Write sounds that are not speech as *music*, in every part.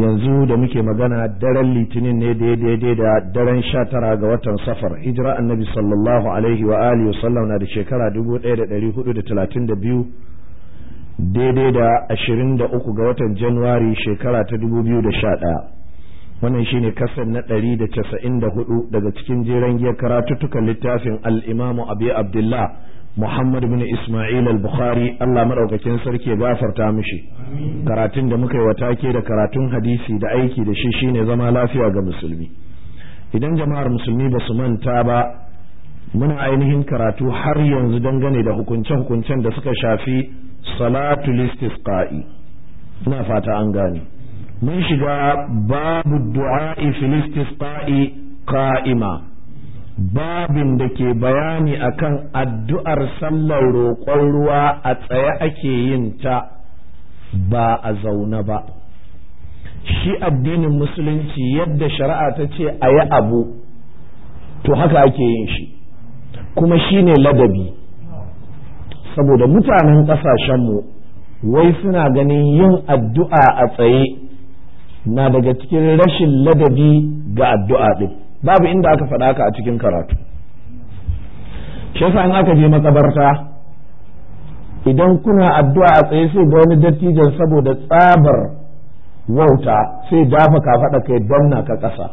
yanzu da muke magana daren litinin ne daidai da daren sha tara ga watan safar hijira annabi sallallahu alaihi wa alihi wa sallam na da shekara dubu ɗaya da ɗari hudu da talatin da biyu daidai da ashirin da uku ga watan januwari shekara ta dubu biyu da sha ɗaya wannan shine kasan na ɗari da casa'in da hudu daga cikin jeren giyar karatuttukan littafin al'imamu abi abdullah Muhammad bin Ismail al-Bukhari Allah madaukakin sarki ya gafarta mishi karatun da muka yi wa take da karatun hadisi da aiki da shi shine zama lafiya ga musulmi idan jama'ar musulmi ba su manta ba muna ainihin karatu har yanzu dangane da hukunce-hukuncen da suka shafi salatul istisqa'i ina fata an gane mun shiga babu du'a fil istisqa'i qa'ima babin da ke bayani akan addu'ar sallar roƙon ruwa a tsaye ake yin ta ba a zaune ba shi addinin musulunci yadda shari'a ta ce a yi abu to haka ake yin shi kuma shi ne ladabi saboda mutanen ƙasashenmu wai suna ganin yin addu'a a tsaye na daga cikin rashin ladabi ga addu'a ɗin. babu inda aka faɗa ka a cikin karatu shi yasa in aka je makabarta idan kuna addu'a a tsaye sai ga wani dattijan saboda tsabar wauta sai dafa ka faɗa kai danna ka ƙasa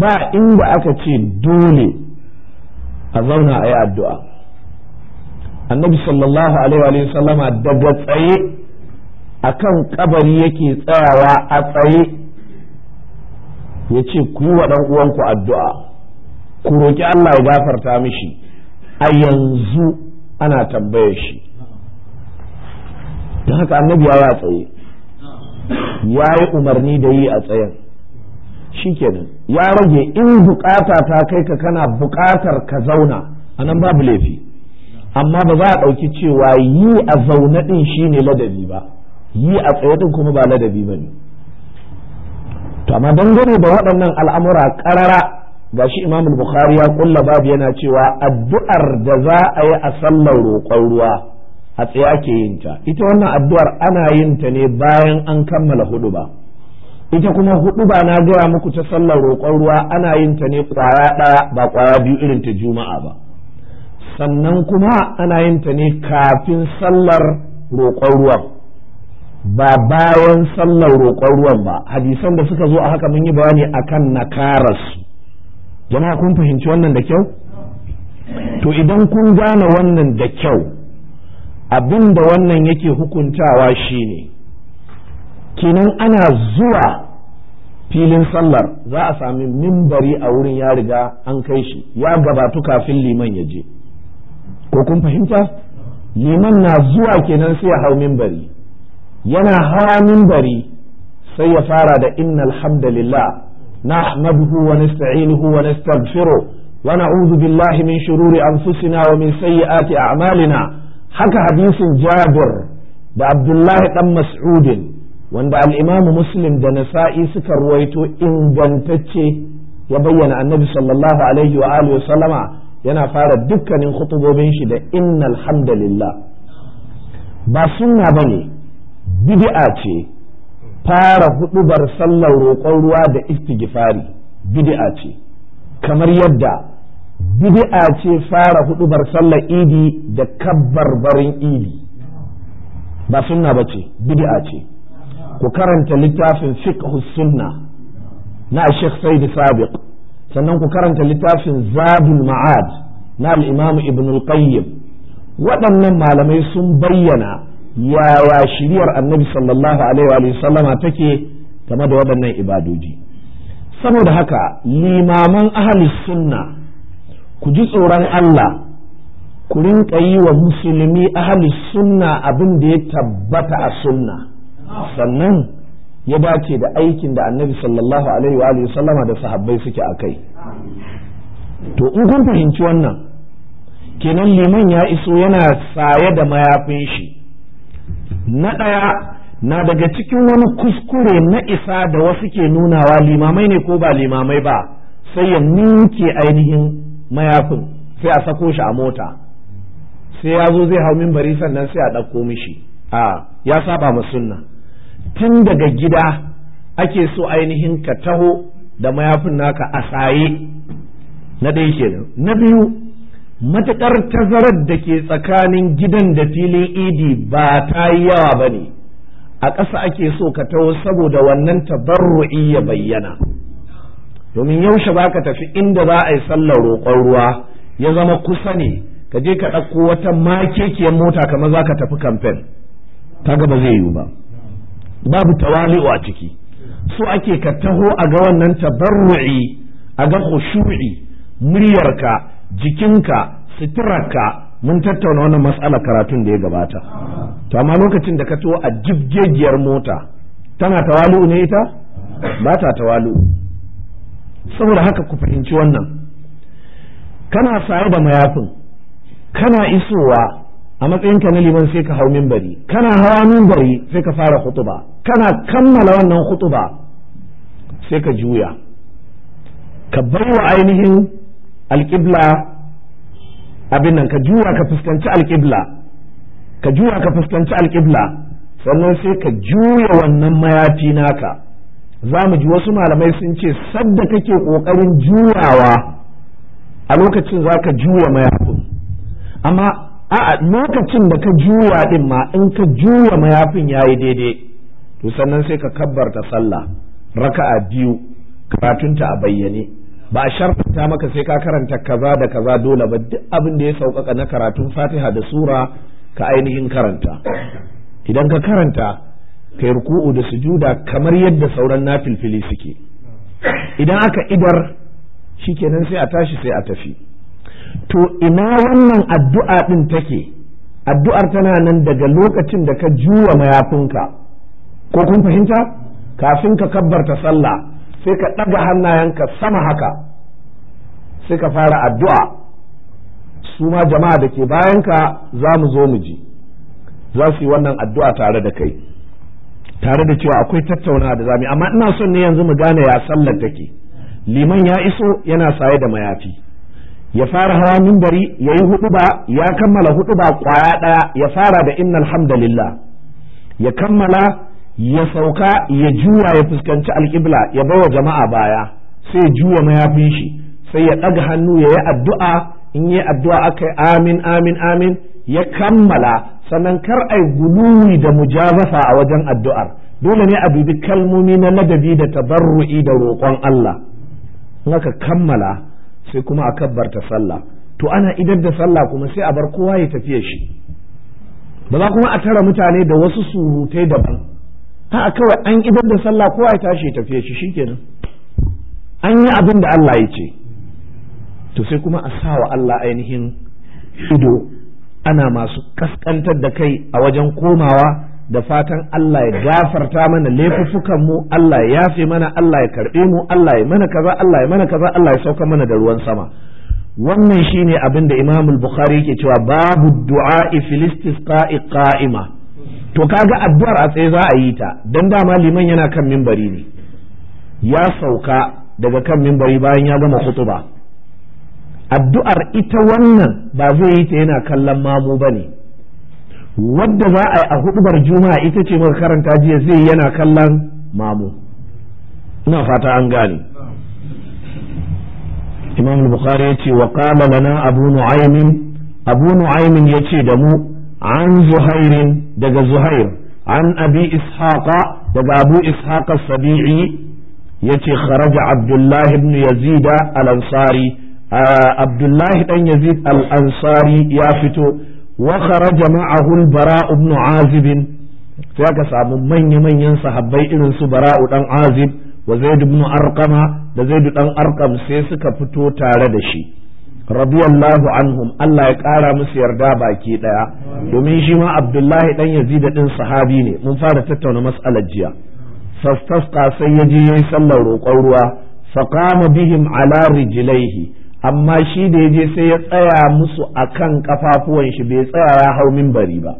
ba inda aka ce dole a zauna a yi addu'a annabi sallallahu alaihi wa sallama daga tsaye akan kabari yake tsayawa a tsaye ya ce ku yi wa ɗan uwanku addu'a ku roƙi Allah ya gafarta mishi a yanzu ana tambayar shi Da haka annabi ya tsaye ya yi umarni da yi a tsayen shi kenan ya rage in bukata ta kai ka kana bukatar ka zauna a nan babu laifi amma ba za a ɗauki cewa yi a zaune ɗin shi ne ladabi ba yi a tsaye ɗin kuma ba ladabi ba ne to amma dangane da waɗannan al'amura ƙarara ga shi imamul bukhari ya kulla babu yana cewa addu'ar da za a yi a sallar roƙon ruwa a tsaye ake yin ta ita wannan addu'ar ana yin ta ne bayan an kammala hudu ba ita kuma hudu ba na gaya muku ta sallar roƙon ruwa ana yin ta ne ƙwara ɗaya ba ƙwara biyu irin ta juma'a ba sannan kuma ana yin ta ne kafin sallar roƙon ruwa ba bayan sallar roƙon ruwan ba hadisan da suka zo a haka mun yi bayani akan nakaras jama'a kun fahimci wannan da kyau to idan kun gane wannan da kyau abin da wannan yake hukuntawa shine kenan ana zuwa filin sallar za a sami mimbari a wurin ya riga an kai shi ya gabatu kafin liman ya je ko kun fahimta liman na zuwa kenan sai ya hau mimbari yana hawa bari sai ya fara da innal hamdalillah nahmaduhu wa nasta'inuhu wa nastaghfiruh wa na'udhu billahi min shururi anfusina wa min sayyiati a'malina haka hadisin Jabir da Abdullahi dan Mas'udin wanda al'imamu muslim da nasa'i suka ruwaito ingantacce ya bayyana annabi sallallahu alaihi wa alihi sallama yana fara dukkanin khutubobin shi da innal hamdalillah ba sunna bane bid'a ce fara hudubar sallar roƙon ruwa da istighfari bid'a ce kamar yadda bid'a ce fara hudubar sallar idi da kabbar barin idi ba sunna ba ce bid'a ce ku karanta littafin fiqhu sunna na Sheikh Said Sabiq sannan ku karanta littafin Zabul Ma'ad na al-Imam Ibn al-Qayyim waɗannan malamai sun bayyana yawa shiriyar annabi sallallahu alaihi wa sallama take game da waɗannan ibadoji saboda haka limaman ahli sunna ku ji tsoron Allah ku rinka yi wa musulmi ahli sunna abin da ya tabbata a sunna sannan ya dace da aikin da annabi sallallahu alaihi wa sallama da sahabbai suke a kai to in kun fahimci wannan kenan liman ya iso yana saye da mayafin shi na ɗaya na daga cikin wani kuskure na isa da wasu ke nunawa limamai ne ko ba limamai ba sai ya ninke ainihin mayafin sai a sako shi a mota sai ya zo zai hau mimbari sannan sai a ɗauko mishi a ya saba ma sunna tun daga gida ake so ainihin ka taho da mayafin naka a saye na ɗaya kenan na biyu matuƙar tazarar da ke tsakanin gidan da filin idi ba ta yi yawa ba ne a ƙasa ake so ka taho saboda wannan tabarru'i ya bayyana domin yaushe ba ka tafi inda za a yi sallar roƙon ruwa ya zama kusa ne ka je ka ɗauko wata makekiyar mota kamar za ka tafi kamfen ta gaba zai yiwu ba babu tawali'u a ciki so ake ka taho a ga wannan tabarru'i a ga khushu'i muryarka jikinka suturarka mun tattauna wannan matsala karatun da ya gabata to amma lokacin da ka to a jibgegiyar mota tana tawalu ne ita ba ta tawalu saboda haka ku fahimci wannan kana saye da mayafin kana isowa a matsayinka na liman sai ka hau minbari kana hawa minbari sai ka fara hutuba kana kammala wannan hutuba sai ka juya ka bar wa ainihin alƙibla abin nan ka juwa ka fuskanci alƙibla ka juwa ka fuskanci alƙibla sannan sai ka juya wannan mayafi naka za mu ji wasu malamai sun ce sadda kake ƙoƙarin juyawa a lokacin za ka juya mayafin amma a lokacin da ka juya din ma in ka juya mayafin ya yi daidai to sannan sai ka kabbarta sallah raka'a biyu karatunta a bayyane ba a sharfanta maka sai ka karanta kaza da kaza dole ba duk abin da ya sauƙaƙa na karatun fatiha da sura ka ainihin karanta idan ka karanta ka yi ruku'u da sujuda kamar yadda sauran nafilfili suke idan aka idar shi shikenan sai a tashi sai a tafi to ina wannan addu'a din take addu'ar tana nan daga lokacin da ka juwa mayafinka ko kun fahimta kafin ka kabbarta sallah sai ka ɗaga hannayenka sama haka sai ka fara addu'a su ma jama'a da ke bayanka za mu zo mu ji za su yi wannan addu'a tare da kai tare da cewa akwai tattauna da zami amma ina son ne yanzu mu gane ya sallar take liman ya iso yana saye da mayafi ya fara hawa mimbari ya yi ba ya kammala ba kwaya ɗaya ya fara da inna hamdalillah ya kammala ya sauka ya juwa ya fuskanci alƙibla ya bawa jama'a baya sai ya juwa mayafin shi sai ya ɗaga hannu ya yi addu'a in yi addu'a aka yi amin amin amin ya kammala sannan kar ai guluwi da mujabasa a wajen addu'ar dole ne a dubi kalmomi na ladabi da tabarru'i da roƙon Allah in aka kammala sai kuma a kabbarta sallah to ana idar da sallah kuma sai a bar kowa ya tafiya shi ba za kuma a tara mutane da wasu surutai daban a kawai an idar da sallah kowa ya tashi tafiye shi shikenan an yi abin da Allah ya ce to sai kuma a sa wa Allah ainihin ido ana masu kaskantar da kai a wajen komawa da fatan Allah ya gafarta mana laifuffukan mu Allah ya yafe mana Allah ya karbe mu Allah ya mana kaza Allah ya mana kaza Allah ya sauka mana da ruwan sama wannan shine abin da Imam al-Bukhari yake cewa babu du'a fil istisqa'i qa'ima to kaga addu'ar a tsaye za a yi ta don dama liman yana kan mimbari ne ya sauka daga kan mimbari bayan ya gama hutuba addu'ar ita wannan ba zai yi ta yana kallon mamu ba ne wadda za a yi a hudubar juma'a ita ce muka karanta jiya zai yana kallon mamu ina fata an gane imam bukhari ya ce wa qala lana abu nu'aymin abu nu'aymin yace da mu an zuhairin daga zuhair an abi ishaka daga abu ishaqa sabi'i yace kharaja abdullahi bnu yazid al-ansari abdullah dan yazid al-ansari ya fito wa kharaja ma'ahu al-bara azibin azib sai ka samu manya-manyan sahabbai irin su bara'u dan azib wa zaid ibn arqama da zaid dan arqam sai suka fito tare da shi radiyallahu anhum Allah ya ƙara musu yarda baki ɗaya domin shi ma Abdullahi ɗan Yazid ɗin sahabi ne mun fara tattauna matsalar jiya fastasqa sai ya je yayi sallar roƙon ruwa faqama bihim ala rijlaihi amma shi da ya je sai ya tsaya musu akan kafafuwan shi bai tsaya ya hau minbari ba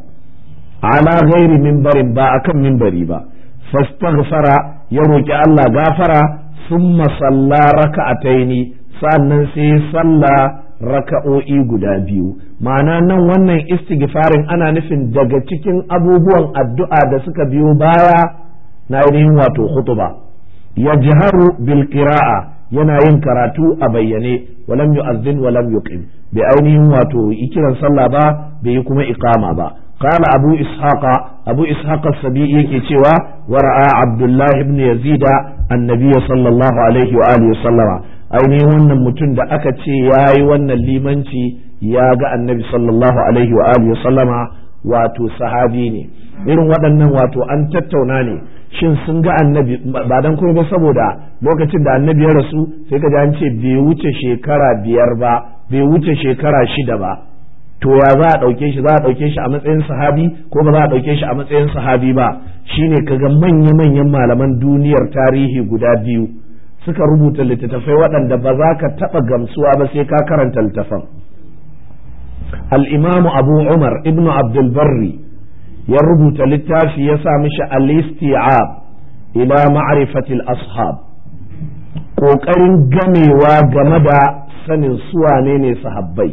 ala ghairi minbarin ba akan minbari ba fastaghfara ya roki Allah gafara summa salla raka'ataini sa'annan sai sallah raka'o'i guda biyu ma'ana nan wannan istighfarin ana nufin daga cikin abubuwan addu'a da suka biyo baya na ainihin wato khutba ya jiharu bil yana yin karatu a bayyane walam yu'azzin walam yuqim bai ainihin wato yi kiran sallah ba bai yi kuma iqama ba قال abu إسحاق أبو إسحاق السبيعي كتوى ورأى عبد الله بن يزيد النبي صلى الله عليه wa وسلم ainihin wannan mutum da aka ce ya yi wannan limanci ya ga annabi sallallahu alaihi wa alihi sallama wato sahabi ne irin waɗannan wato an tattauna ne shin sun ga annabi ba dan kuma ba saboda lokacin da annabi ya rasu sai ka an ce bai wuce shekara biyar ba bai wuce shekara shida ba to ya za a ɗauke shi za a ɗauke shi a matsayin sahabi ko ba za a ɗauke shi a matsayin sahabi ba shine kaga manya-manyan malaman duniyar tarihi guda biyu suka rubuta littattafai waɗanda ba za ka taɓa gamsuwa ba sai ka karanta littattafan al'imamu abu umar ibnu abdulbarri ya rubuta littafi ya sa mishi al-isti'ab ila ma'rifatil ashab ƙoƙarin gamewa game da sanin suwane ne sahabbai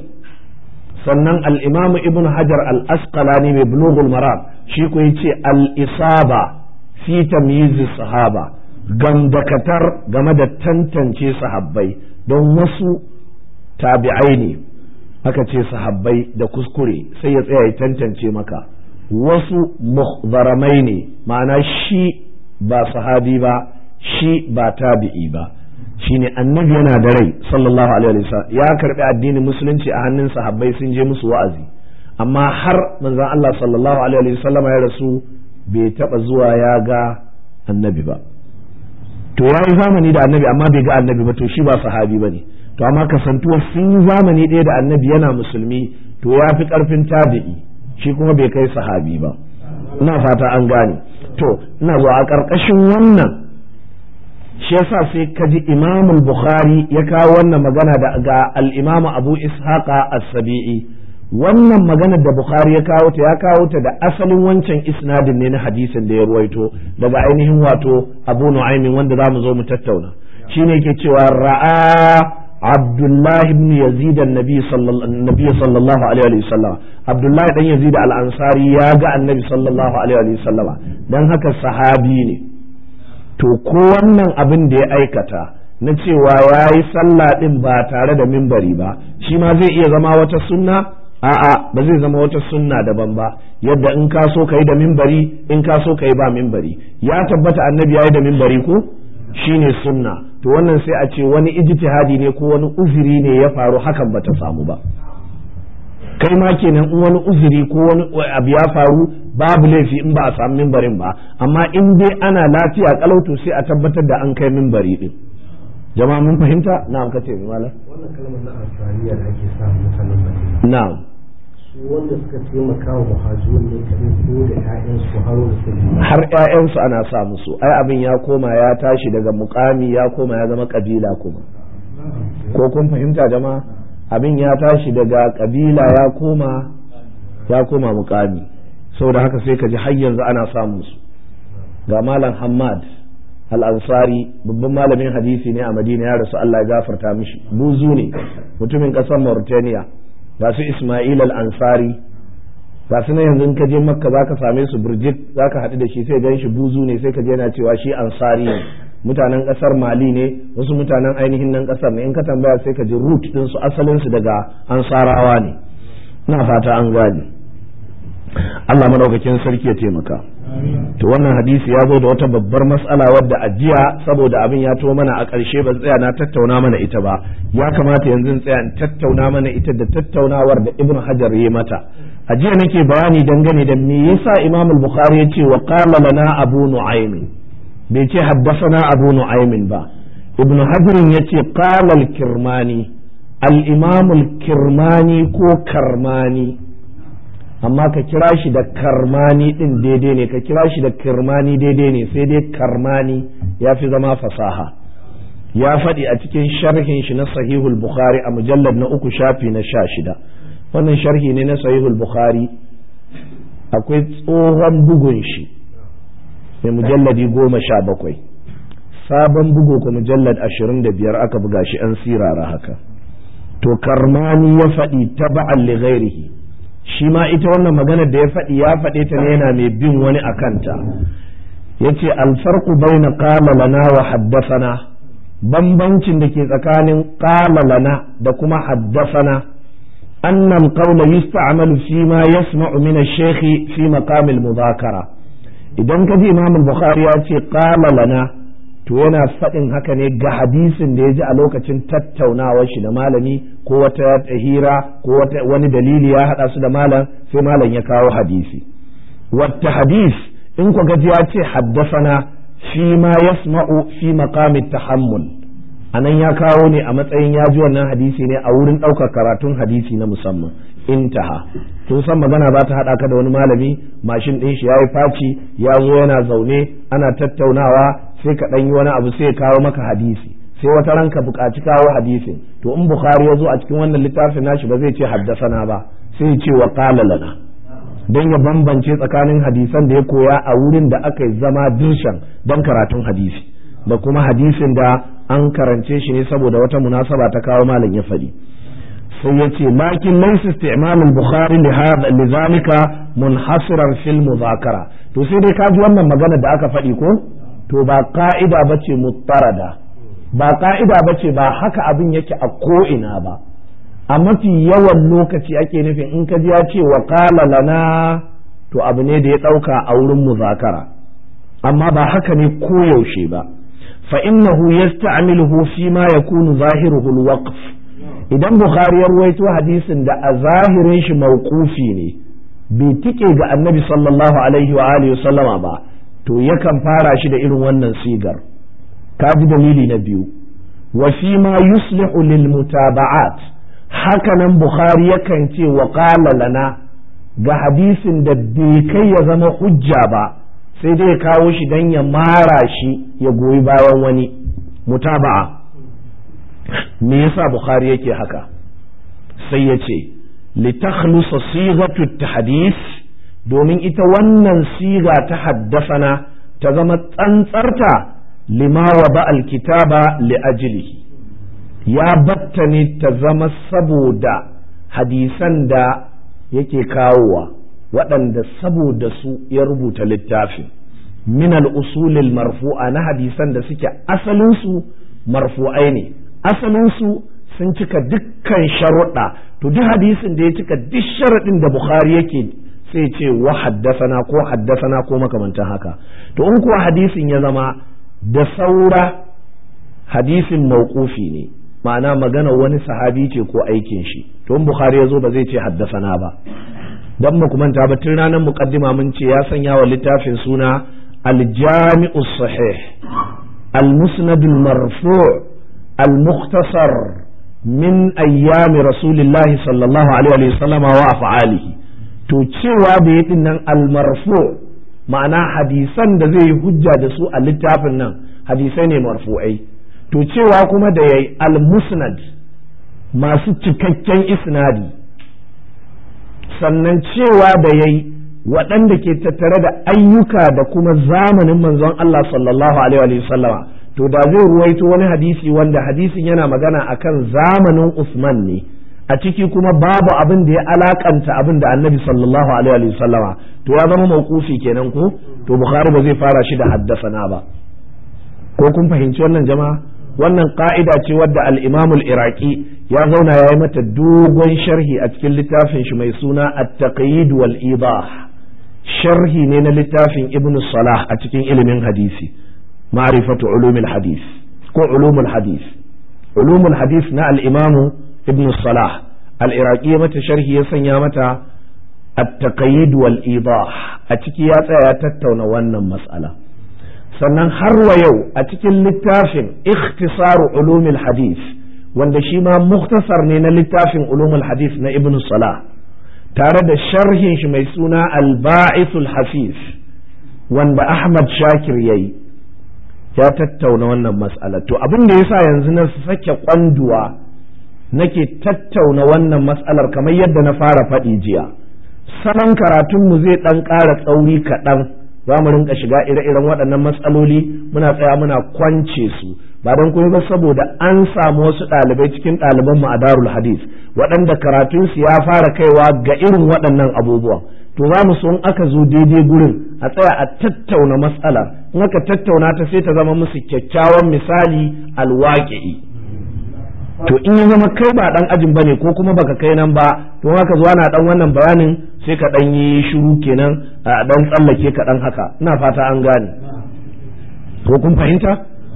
sannan al'imamu ibn hajar al-asqalani mai bulughul maram shi ku ce al-isaba fi tamyizi sahaba Gandakatar game da tantance sahabbai don wasu tabi'ai ne aka ce sahabbai da kuskure sai ya tsaya ya tantance maka wasu muhbaramai ne ma'ana shi ba sahabi ba shi ba tabi'i ba shine annabi yana da rai sallallahu alaihi wasallam ya karbi addinin musulunci a hannun sahabbai sun je musu wa'azi amma har manzon Allah sallallahu alaihi wasallam ya rasu bai taba zuwa ya ga annabi ba to ya yi zamani da annabi amma bai ga annabi ba to shi ba sahabi ba ne, to amma kasantuwa sun yi zamani ɗaya da annabi yana musulmi to ya fi ƙarfin tabi'i shi kuma bai kai sahabi ba ina fata an gane to ina zuwa a ƙarƙashin wannan shi yasa sai ka ji imamul bukhari ya kawo wannan magana da ga al-imamu abu ishaqa as-sabi'i wannan maganar da bukhari ya kawo ta ya kawo ta da asalin wancan isnadin ne na hadisin da ya ruwaito daga ainihin wato abu nu'aymin wanda za mu zo mu tattauna shine yake cewa ra'a abdullah ibn yazid annabi sallallahu alaihi wa sallam abdullah dan yazid al-ansari ya ga annabi sallallahu alaihi wa sallam dan haka sahabi ne to ko wannan abin da ya aikata na cewa yayi sallah din ba tare da mimbari ba shi ma zai iya zama wata sunna a'a ba zai zama wata sunna daban ba yadda in ka so ka yi da mimbari in ka so ka yi ba mimbari ya tabbata annabi ya yi da mimbari ko shine sunna to wannan sai a ce wani ijtihadi ne ko wani uzuri ne ya faru hakan bata samu ba kai ma kenan in wani uzuri ko wani abu ya faru babu laifi in ba a samu mimbarin ba amma in dai ana lafiya to sai a tabbatar da an kai minbari din jama'a mun fahimta na'am kace malam wannan kalmar na da ake samu na'am wanda suka taimaka wa muhajirin ne ko da 'ya'yansu har wani har ƴaƴansu ana sa musu ai abin ya koma ya tashi daga mukami ya koma ya zama kabila kuma ko kun fahimta jama'a abin ya tashi daga kabila ya koma ya koma mukami saboda haka sai ka ji har yanzu ana sa su ga malam Hamad al-Ansari babban malamin hadisi ne a Madina ya rasu Allah ya gafarta mishi buzu ne mutumin ƙasar Mauritania ba su Ismail al-Ansari ba su na yanzu ka je Makka ka same su za ka haɗu da shi sai gan shi buzu ne sai ka je yana cewa shi Ansari ne mutanen ƙasar Mali ne wasu mutanen ainihin nan ƙasar ne in ka tambaya sai ka ji root din su asalin su daga Ansarawa ne ina fata an gani Allah madaukakin sarki ya taimaka to wannan hadisi ya zo da wata babbar matsala wadda ajiya saboda abin ya to mana a ƙarshe ba tsaya na tattauna mana ita ba ya kamata yanzu in tsaya tattauna mana ita da tattaunawar da ibn hajar ya mata a jiya nake bayani dangane da me yasa imam al-bukhari ya ce wa qala lana abu nu'aym bai ce haddathana abu nu'aym ba ibn hajar ya ce qala al-kirmani al-imam al-kirmani ko karmani amma ka kira shi da karmani din daidai ne ka kira shi da karmani daidai ne sai dai karmani ya fi zama fasaha ya faɗi a cikin sharhin shi na sahihul bukhari a mujallar na uku shafi na sha shida wannan sharhi ne na sahihul bukhari akwai tsohon bugun shi mai mujalladi goma sha bakwai sabon bugu ko mujallar ashirin da biyar aka buga shi an sirara haka to karmani ya faɗi ta li ghairihi shi ma ita wannan maganar da ya faɗi ya faɗe ta ne yana mai bin wani a kanta ya ce alfarku bai na lana wa haddasana bambancin da ke tsakanin lana da kuma haddasana annan kaula yusta'malu fi ma yasma'u min ash-shaykh fi maqam idan kaji imam bukhari ya ce lana to yana faɗin haka ne ga hadisin da ya ji a lokacin tattaunawar shi da malami ko wata hira ko wani dalili ya haɗa su da malam sai malam ya kawo hadisi wata hadis in ku gaji ya ce haddasana fi ma yasma'u fi maqami tahammul anan ya kawo ne a matsayin ya ji wannan hadisi ne a wurin ɗaukar karatun hadisi na musamman intaha tun san magana za ta haɗa ka da wani malami mashin ɗin shi ya yi faci ya zo yana zaune ana tattaunawa sai ka ɗan yi wani abu sai kawo maka hadisi sai wata ranka buƙaci kawo hadisi to in bukhari ya zo a cikin wannan littafin nashi ba zai ce na ba sai ya ce wa qala lana don ya bambance tsakanin hadisan da ya koya a wurin da aka yi zama dirshan don karatun hadisi da kuma hadisin da an karance shi ne saboda wata munasaba ta kawo malam ya faɗi sai ya ce lakin laysa isti'malul bukhari li hadha li zalika munhasiran fil to sai dai ka ji wannan magana da aka faɗi ko to ba ka'ida ba ce mutarada ba ka'ida ba ce ba haka abin yake a ko'ina ba a mafi yawan lokaci ake nufin in ka ji ya ce wa kala lana to abu ne da ya ɗauka a wurin muzakara amma ba haka ne koyaushe ba fa innahu yasta'miluhu fi ma ya kunu zahiruhu alwaqf idan bukhari ya ruwaito hadisin da a zahirin shi mawqufi ne bai tike ga annabi sallallahu alaihi wa alihi sallama ba to yakan fara shi da irin wannan sigar ka ji dalili na biyu wa fi ma yuslihu lil mutaba'at nan bukhari yakan ce wa qala lana ga hadisin da bai kai ya zama hujja ba sai dai kawo shi dan ya mara shi ya goyi bayan wani mutaba'a me yasa bukhari yake haka sai ya ce litakhlusa at-hadith domin ita wannan siga ta haddasana ta zama tsantsarta limawa ba ba'al kitaba li ajlihi ya batta ta zama saboda hadisan da yake kawowa waɗanda saboda su ya rubuta littafi. min al marfu'a na hadisan da suke asalinsu marfu'ai ne asalinsu sun cika dukkan sharuɗa to duk hadisin da ya cika duk sharaɗin da Bukhari yake sai ce wa haddasana ko haddasana ko makamantan haka to in kuwa hadisin ya zama da saura hadisin mauƙufi ne ma'ana magana wani sahabi ce ko aikin shi to in bukhari ya zo ba zai ce haddasana ba dan mu kumanta ba tun ranar muqaddima mun ce ya sanya wa littafin suna al-jami'u sahih al-musnad al-marfu' al-mukhtasar min ayyami rasulillahi sallallahu alaihi wa sallama wa af'alihi to cewa da ya nan almarfo ma'ana hadisan da zai yi hujja da su a littafin nan hadisai ne marfu'ai to cewa kuma da ya yi almusnad masu cikakken isnadi sannan cewa da ya yi waɗanda ke tattare da ayyuka da kuma zamanin manzon Allah sallallahu alaihi wa sallama to da zai ruwaito wani hadisi wanda hadisin yana magana akan zamanin Usman ne a ciki kuma babu abin da ya alakanta abin da annabi sallallahu alaihi wa sallama to ya zama mauqufi kenan ko to bukhari ba zai fara shi da haddasana ba ko kun fahimci wannan jama'a wannan ka'ida ce wadda al imamul iraqi ya zauna ya yi mata dogon sharhi a cikin littafin shi mai suna at-taqyid wal idah sharhi ne na littafin ibn salah a cikin ilimin hadisi ma'rifatu ulumil hadis ko ulumul hadis ulumul hadis na al-imamu ibn salah mata sharhi ya sanya mata at-taqayyid wal idah a ciki ya tsaya ya tattauna wannan matsala sannan har wa yau a cikin littafin ikhtisaru ulumul hadith wanda shi ma mukhtasar ne na littafin ulumul hadith na ibn salah tare da sharhin shi mai suna al-ba'ithul hafiz wanda ahmad shakir yayi ya tattauna wannan matsala to abin da yasa yanzu na sake kwanduwa nake tattauna wannan matsalar kamar yadda na fara faɗi jiya salon karatunmu zai ɗan ƙara tsauri kaɗan za mu rinka shiga ire-iren waɗannan matsaloli muna tsaya muna kwance su ba don kuma ba saboda an samu wasu ɗalibai cikin ɗaliban mu a darul hadis waɗanda karatunsu ya fara kaiwa ga irin waɗannan abubuwan to za mu so aka zo daidai gurin a tsaya a tattauna matsalar in aka tattauna ta sai ta zama musu kyakkyawan misali alwaƙi to in ya zama kai ba dan ajin bane ko kuma baka kai nan ba to haka zuwa na dan wannan bayanin sai ka dan yi shiru kenan a dan tsallake ka dan haka ina fata an gane ko kun fahimta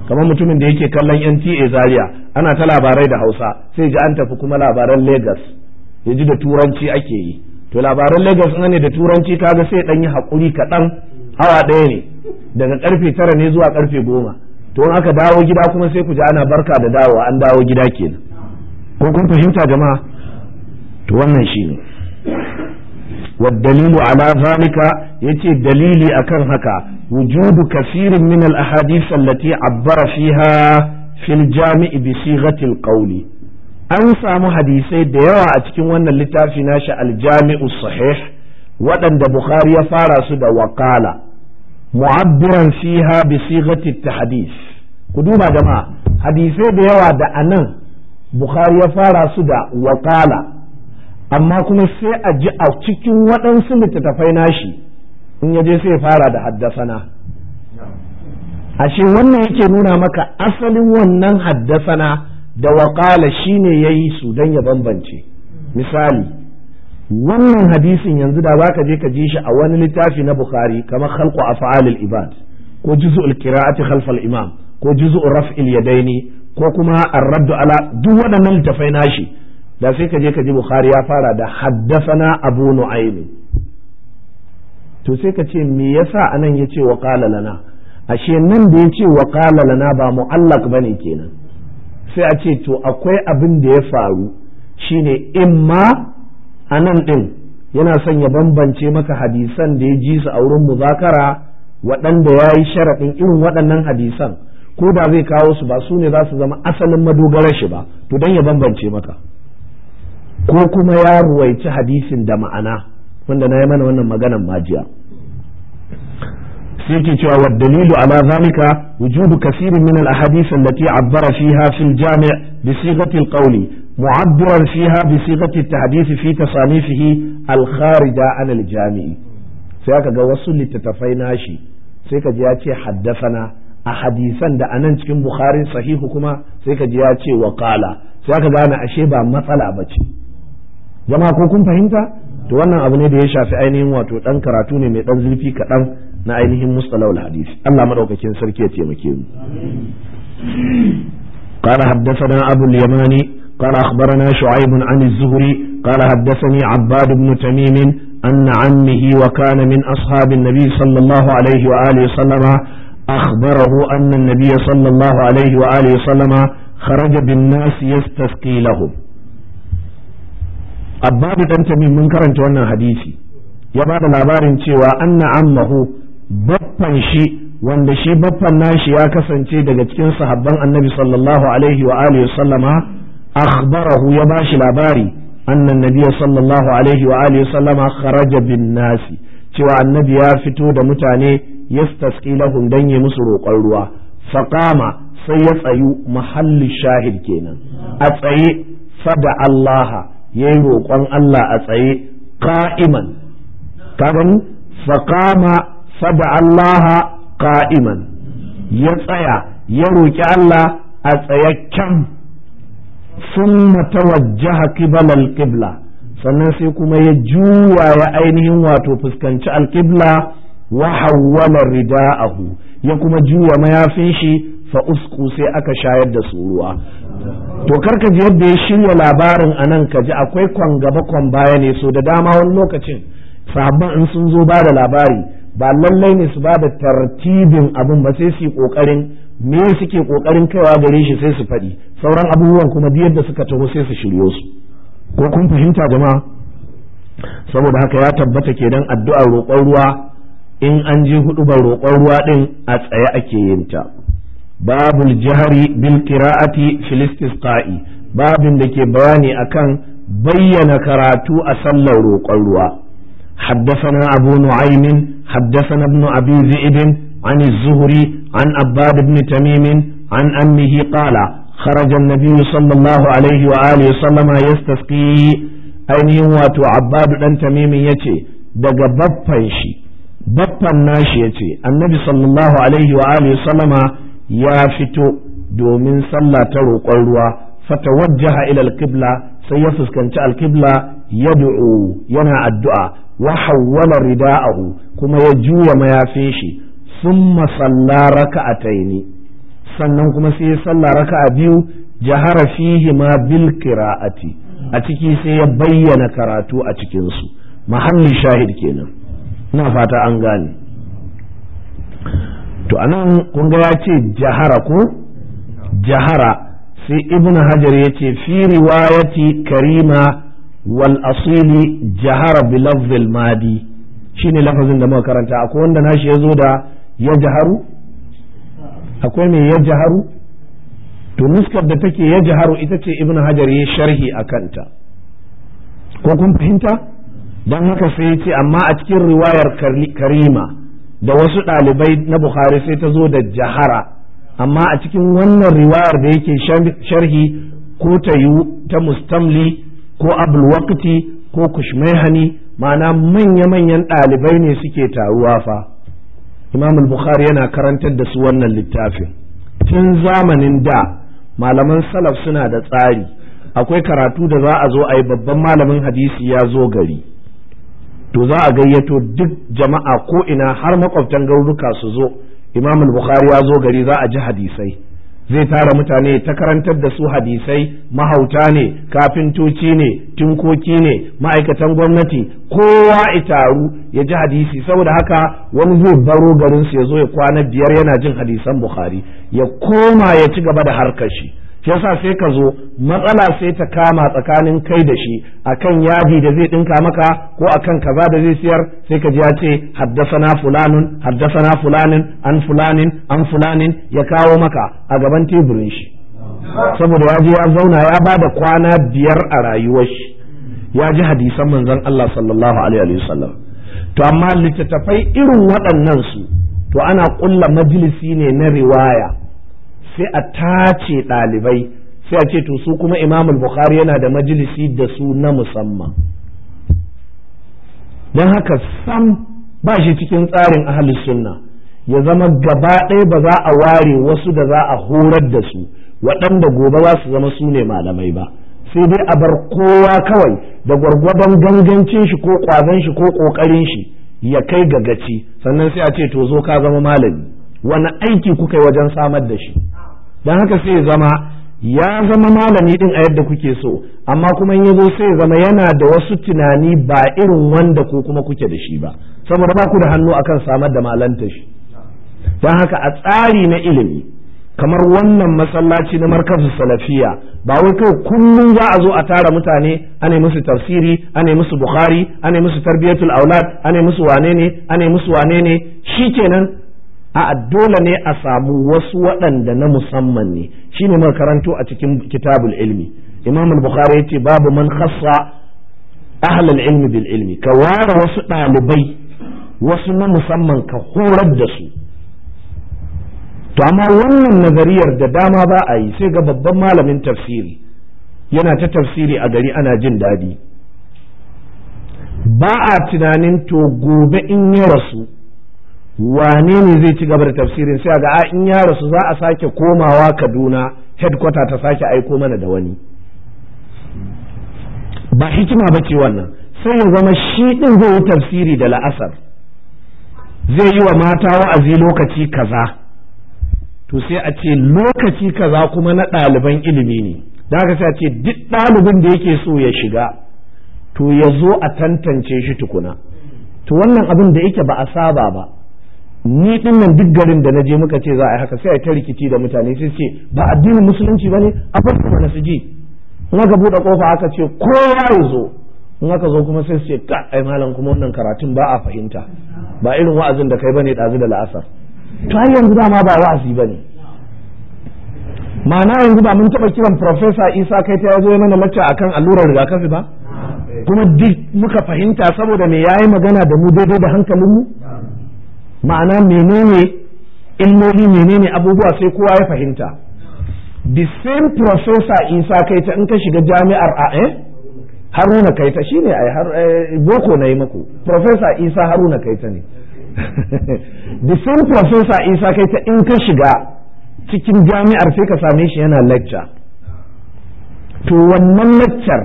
kamar mutumin da yake kallon NTA Zaria ana ta labarai da Hausa sai ji an tafi kuma labaran Lagos ya ji da turanci ake yi to labaran Lagos in ne da turanci kaga sai dan yi hakuri kaɗan awa ɗaya ne daga karfe tara ne zuwa karfe goma to aka dawo gida kuma sai ku ji ana barka da dawo an dawo gida kenan ko kun fahimta jama'a to wannan shine والدليل على ذلك يتي دليلي أكن هكا وجود كثير من الأحاديث التي عبر فيها في الجامع بصيغة القول an samu hadisai da yawa a cikin wannan littafi nashi aljami'u sahih waɗanda bukhari ya fara su da wakala mu'abbiran fiha bi sighati tahdith ku duba jama'a hadisai da yawa da anan bukhari ya fara su da waqala amma kuma sai a ji a cikin waɗansu littattafai nashi in ya je sai fara da haddasana ashe wannan yake nuna maka asalin wannan haddasana da waƙala shine yayi su don ya bambance misali wannan hadisin yanzu da zaka je ka ji shi a wani littafi na bukhari kamar khalqu af'alil ibad ko juz'ul qira'ati khalfal imam ko juz'ur raf'il yadaini ko kuma ar-radd ala duk waɗannan littafai nashi da sai ka je ka ji bukhari ya fara da haddathana abu nu'aym to sai ka ce me yasa anan yace wa qala lana ashe nan da yace wa qala lana ba mu'allaq bane kenan sai a ce to akwai abin da ya faru shine imma a nan ɗin yana son ya bambance maka hadisan da ya ji su a wurin muzakara waɗanda ya yi sharaɗin irin waɗannan hadisan ko da zai kawo su ba su ne za su zama asalin madogarar shi ba to don ya bambance maka ko kuma ya ruwaici hadisin da ma'ana wanda na yi mana wannan maganan majiya sai ke cewa wa dalilu ala zalika wujudu kasirin min al ahadith allati abbara fiha fil jami' bi sighati al hadisi ta معبرا فيها بصيغة التحديث في تصانيفه الخارجة عن الجامع سيكا جوصل لتتفيناشي سيكا haddasa na a hadisan da a nan cikin bukhari sahihu kuma sai ka ji ya ce wa kala sai ka gane ashe ba matsala ba ce jama'a ko kun fahimta to wannan abu ne da ya shafi ainihin wato ɗan karatu ne mai ɗan zurfi kaɗan na ainihin mustalahul hadisi Allah madaukakin sarki ya taimake mu haddasa حدثنا أبو اليماني قال أخبرنا شعيب عن الزهري قال حدثني عباد بن تميم أن عمه وكان من أصحاب النبي صلى الله عليه وآله وسلم أخبره أن النبي صلى الله عليه وآله وسلم خرج بالناس يستسقي لهم abbadu dan tamim mun karanta wannan hadisi ya ba da labarin cewa anna baffan shi wanda shi baffan nashi ya kasance daga cikin sahabban annabi sallallahu alaihi wa alihi sallama Akbarahu ya bashi labari annan nabiya sallallahu alaihi wa alihi sallama kharaja bin nasi cewa annabi ya fito da mutane yastasqi lahun dan ya musu roƙon ruwa faqama sai ya tsayu mahalli shahid kenan a tsaye fada Allah yayi roƙon Allah a tsaye qa'iman ka gani sada Allaha Allah ya tsaya ya roƙi Allah a tsayakken sun توجه قبل القبلة sannan sai kuma ya juwa ya ainihin wato fuskanci alƙibla wa hawwala rida'ahu ya kuma juwa mayafin shi fa usku sai aka shayar da su ruwa to karka ji yadda ya shirya labarin anan ka ji akwai kwan gaba kwan baya ne so da dama wani lokacin sahabban in sun zo ba da labari ba lallai ne su ba da tartibin abin ba sai su yi kokarin me suke kokarin kaiwa gare shi sai su faɗi sauran abubuwan kuma biyar da suka taho sai su shiryo su ko kun fahimta jama'a saboda haka ya tabbata ke dan addu'a roƙon ruwa in an ji hudu ba roƙon ruwa din a tsaye ake yin ta babul jahari bil qira'ati fil istisqa'i babin da ke bayani akan bayyana karatu a sallar roƙon ruwa حدثنا أبو نعيم حدثنا ابن أبي ذئب عن الزهري عن عباد بن تميم عن أمه قال خرج النبي صلى الله عليه وآله وسلم يستسقي ainihin wato abadu dan tamimin ya ce daga baffan shi baffan nashi ya ce annabi sallallahu alaihi wa alihi sallama ya fito domin sallah ta roƙon ruwa fata wajjaha ila alqibla sai ya fuskanci alqibla yad'u yana addu'a wa hawwala rida'ahu kuma ya juya mayafin shi summa salla raka'ataini sannan kuma sai ya salla raka'a biyu jahara fihi ma bil qira'ati a ciki sai ya bayyana karatu a cikin su mahallin shahid kenan ina fata an gane to anan kun ga ya ce jahara ko jahara sai ibn hajar ya ce fi riwayati karima wal asili jahara bi lafzil madi shine lafazin da muka karanta akwai wanda nashi ya zo da ya jaharu akwai mai ya jaharu to nuskar da take ya jaharu ita ce ibn hajar ya sharhi a kanta ko kun fahimta don haka sai ya ce amma a cikin riwayar karima da wasu ɗalibai na bukhari sai ta zo da jahara amma a cikin wannan riwayar da yake sharhi ko ta yiwu ta mustamli ko abulwakti ko kushmehani ma'ana manya-manyan ɗalibai ne suke taruwa fa imam bukhari yana karantar da su wannan littafin tun zamanin da malaman salaf suna da tsari akwai karatu da za a zo a yi babban malamin hadisi ya zo gari to za a gayyato duk jama'a ko ina har makwabtan garuruka su zo imam al-bukhari ya zo gari za a ji hadisai zai tara mutane ta karantar da su hadisai mahauta ne kafintoci ne tinkoki ne ma'aikatan gwamnati kowa itaru ya ji hadisi saboda haka wani zai baro garinsu ya zo ya kwana biyar yana jin hadisan bukhari ya koma ya ci gaba da harkar shi yasa sai ka zo matsala sai ta kama tsakanin kai da shi akan yadi da zai dinka maka ko akan kaza da zai siyar sai ka ji ya ce haddasana fulanun haddasana fulanin an fulanin an fulanin ya kawo maka a gaban teburin shi saboda ya ji ya zauna ya ba da kwana biyar a rayuwar shi ya ji hadisan manzon Allah sallallahu alaihi wasallam to amma littattafai irin waɗannan su to ana ƙulla majalisi ne na riwaya sai a tace ɗalibai sai a ce to su kuma imamul bukhari yana da majalisi da su na musamman don haka sam ba shi cikin tsarin ahalus sunna ya zama gaba ɗaya ba za a ware wasu da za a horar da su waɗanda gobe za su zama su ne malamai ba sai dai a bar kowa kawai da gwargwadon gangancin shi ko ƙwazon shi ko ƙoƙarin shi ya kai gagaci sannan sai a ce to zo ka zama malami wani aiki kuka yi wajen samar da shi don haka sai zama ya zama malami din a yadda kuke so amma kuma in zo sai zama yana da wasu tunani ba irin wanda ko kuma kuke da shi ba saboda ba ku da hannu akan samar da malanta shi don haka a tsari na ilimi kamar wannan masallaci na markazu salafiya ba wai kai kullum za a zo a tara mutane ana musu tafsiri ana musu bukhari ana musu tarbiyatul aulad ana musu wane ne ana musu wane ne shikenan a'a dole ne a samu wasu waɗanda na musamman ne shine muka karanto a cikin kitabul ilmi imam al-bukhari yace babu man khassa ahlul ilmi bil ilmi ka ware wasu ɗalibai wasu na musamman ka horar da su to amma wannan nazariyar da dama ba a yi sai ga babban malamin tafsiri yana ta tafsiri a gari ana jin daɗi ba a tunanin to gobe in ya rasu wane ne zai ci gaba da tafsirin sai ga a in ya rasu za a sake komawa kaduna headquarter ta sake aiko mana da wani ba hikima ba ce wannan sai ya zama shi din zai yi tafsiri da la'asar zai yi wa mata wa'azi lokaci kaza to sai a ce lokaci kaza kuma na ɗaliban ilimi ne da haka sai a ce duk ɗalibin da yake so ya shiga to ya zo a tantance shi tukuna to wannan abin da yake ba a saba ba ni din nan duk garin da naje muka ce za a yi haka sai a ta rikici da mutane sai ce ba addinin musulunci bane a farko na su ji in aka buɗe kofa aka ce kowa ya zo in aka zo kuma sai su ce ka ai malam kuma wannan karatun ba a fahimta ba irin wa'azin da kai bane dazu da la'asar to har yanzu dama ba wa'azi bane Mana yanzu ba mun taɓa kiran Profesa Isa kai ta zo mana lacca akan allurar rigakafi ba kuma duk muka fahimta saboda me yayi magana da mu daidai da hankalinmu ma'ana menene ilmomi, menene abubuwa sai kowa ya fahimta the same professor isa Kai ta in ka shiga jami'ar a eh haruna ta shine ai har eh, boko na yi muku professor isa haruna Kai ta ne *laughs* the same professor isa Kai ta in ka shiga cikin jami'ar sai ka same shi yana lecture to wannan lecture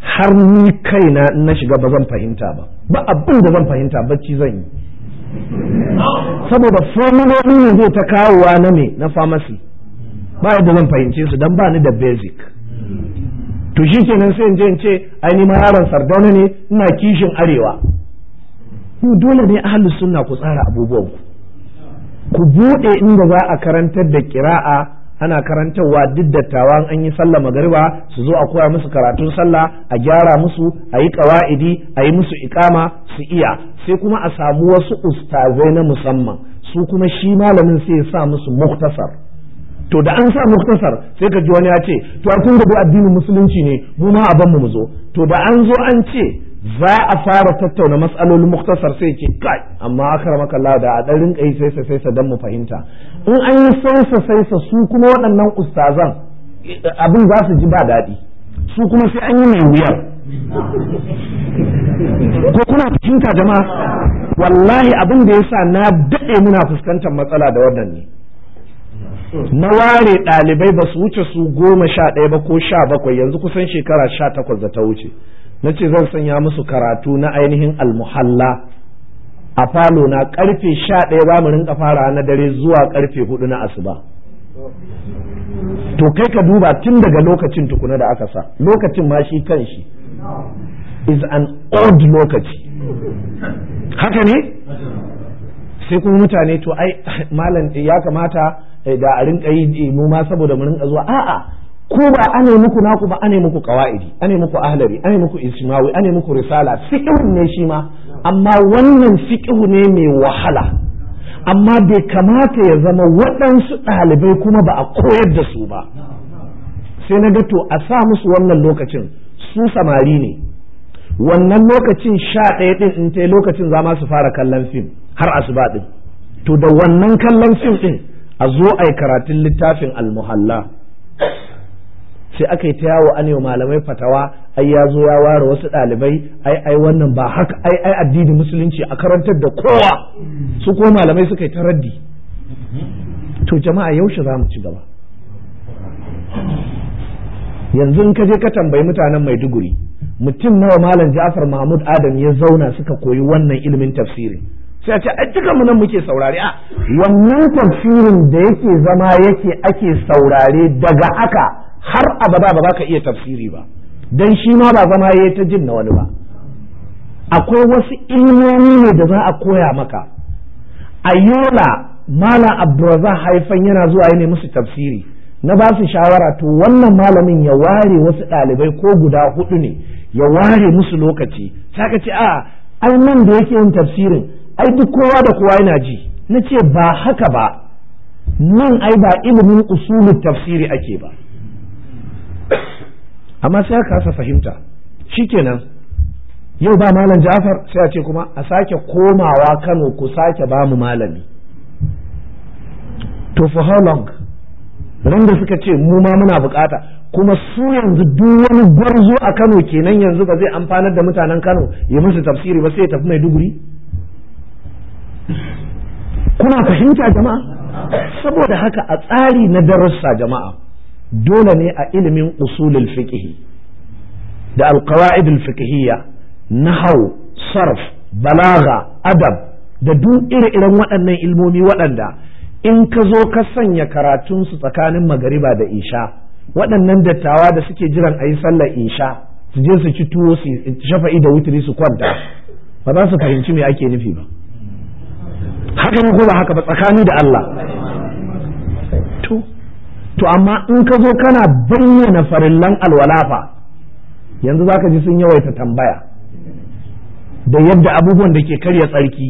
har ni kaina na shiga ba zan fahimta ba ba abin da zan fahimta bacci zan yi saboda formuloli ne zai ta kawowa na me na pharmacy ba yadda zan fahimce su don ba ni da basic to shi kenan sai in je in ce ai ni yaron sardauna ne ina kishin arewa ku dole ne ahlus sunna ku tsara abubuwan ku ku bude inda za a karantar da kira'a ana karantarwa duk dattawan an yi sallah magariba su zo a koya musu karatun sallah a gyara musu a yi kawa'idi a yi musu ikama su iya sai kuma a samu wasu ustazai na musamman su kuma shi malamin sai ya sa musu muktasar to da an sa muktasar sai ka ji wani ya ce to a kun da addinin musulunci ne mu ma a mu zo to da an zo an ce za a fara tattauna matsalolin muktasar sai ke kai amma aka makalla da a ɗarin kai sai sai don dan mu fahimta in an yi saisa saisa su kuma waɗannan ustazan abin za su ji ba daɗi su kuma sai an yi mai wuyar ko kuna fahimta jama'a wallahi abin da ya sa na daɗe muna fuskantar matsala da wannan na ware ɗalibai ba su wuce su goma sha ɗaya ba ko sha bakwai yanzu kusan shekara sha takwas da ta wuce na ce zan sanya musu karatu na ainihin almuhalla a falo na karfe sha ɗaya za mu rinka fara na dare zuwa karfe hudu na asuba to kai ka duba tun daga lokacin tukuna da aka sa lokacin ma shi kan shi is an old lokaci haka ne sai kuma mutane to ai *laughs* malam ya kamata eh, da a rinka yi eh, mu ma saboda mu rinka zuwa a'a ku ba ane muku naku ba ane muku qawaidi ane muku ahlari ane muku ismawi ne muku risala fiqhun ne shi ma amma wannan fiqhu ne mai wahala amma bai kamata ya zama waɗansu ɗalibai kuma ba a koyar da su ba sai na ga to a sa musu wannan lokacin su samari ne wannan lokacin sha ɗaya ɗin in ta lokacin za ma su fara kallon fim har asuba ɗin to da wannan kallon fim ɗin a zo a yi karatun littafin almuhalla sai aka yi ta yawo an yau malamai fatawa ai ya zo ya ware wasu ɗalibai ai ai wannan ba haka ai ai addini musulunci a karantar da kowa su ko malamai suka yi ta raddi to jama'a yaushe za mu ci gaba yanzu in ka je ka tambayi mutanen maiduguri mutum nawa malam ja'far mahmud adam ya zauna suka koyi wannan ilimin tafsirin sai a ce ai duka mu nan muke saurare a wannan tafsirin da yake zama yake ake saurare daga haka har abada ba za ka iya tafsiri ba dan shi ma ba zama yayi ta jin na wani ba akwai wasu ilmomi ne da za a koya maka a yola malam abdurrazak haifan yana zuwa ya musu tafsiri na ba su shawara to wannan malamin ya ware wasu ɗalibai ko guda hudu ne ya ware musu lokaci saka ce a ai nan da yake yin tafsirin ai duk kowa da kowa yana ji na ce ba haka ba nan ai ba ilimin usulun tafsiri ake ba amma sai aka kasa fahimta shikenan yau ba malam Ja'far sai a ce kuma a sake komawa Kano ku sake ba mu malami to for how long ran da suka ce mu ma muna bukata kuma su yanzu duk wani gwarzo a Kano kenan yanzu ba zai amfanar da mutanen Kano ya musu tafsiri ba sai ya tafi duguri? kuna fahimta jama'a saboda haka a tsari na darussa jama'a dole ne a ilimin usulul fiqh da alqawaid fiqhiyya nahau sarf balaga adab da duk ire-iren waɗannan ilmomi waɗanda in ka zo ka sanya karatunsu tsakanin magariba da isha waɗannan dattawa da suke jiran a yi sallar isha su je su ci tuwo su shafa'i da wutiri su kwanta ba za su fahimci me ake nufi ba haka ne ko ba haka ba tsakani da Allah to amma in ka zo kana bayyana farillan alwalafa yanzu zaka ji sun yawaita tambaya da yadda abubuwan da ke karya tsarki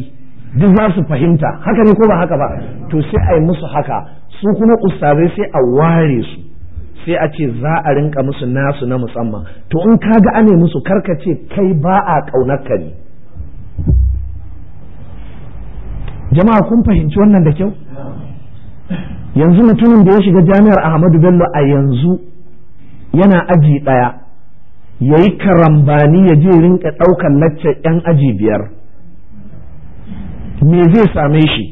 duk za su fahimta haka ne ko ba haka ba to sai a yi musu haka su kuma ustazai sai a ware su sai a ce za a rinka musu nasu na musamman to in ka ga ane musu ce kai ba a ƙaunar ka ne jama'a kun fahimci wannan da kyau yanzu mutumin da ya shiga jami'ar ahmadu bello a yanzu yana aji ɗaya ya yi karambani ya je rinka ɗaukan laccar 'yan aji biyar me zai same shi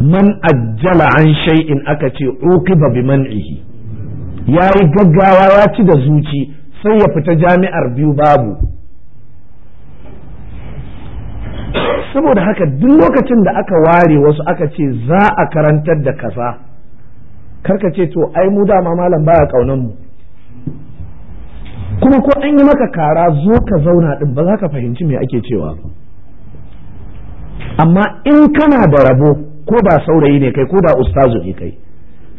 man ajjala an shay'in aka ce uqiba bi man'ihi yayi gaggawa ya ci da zuci sai ya fita jami'ar biyu babu saboda haka duk lokacin da aka ware wasu aka ce za a karantar da kaza karka ce to ai mu dama malam baya kaunan mu kuma ko an yi maka kara zo ka zauna din ba za ka fahimci me ake cewa amma in kana da rabo ko ba saurayi ne kai ko ba ustazu ne kai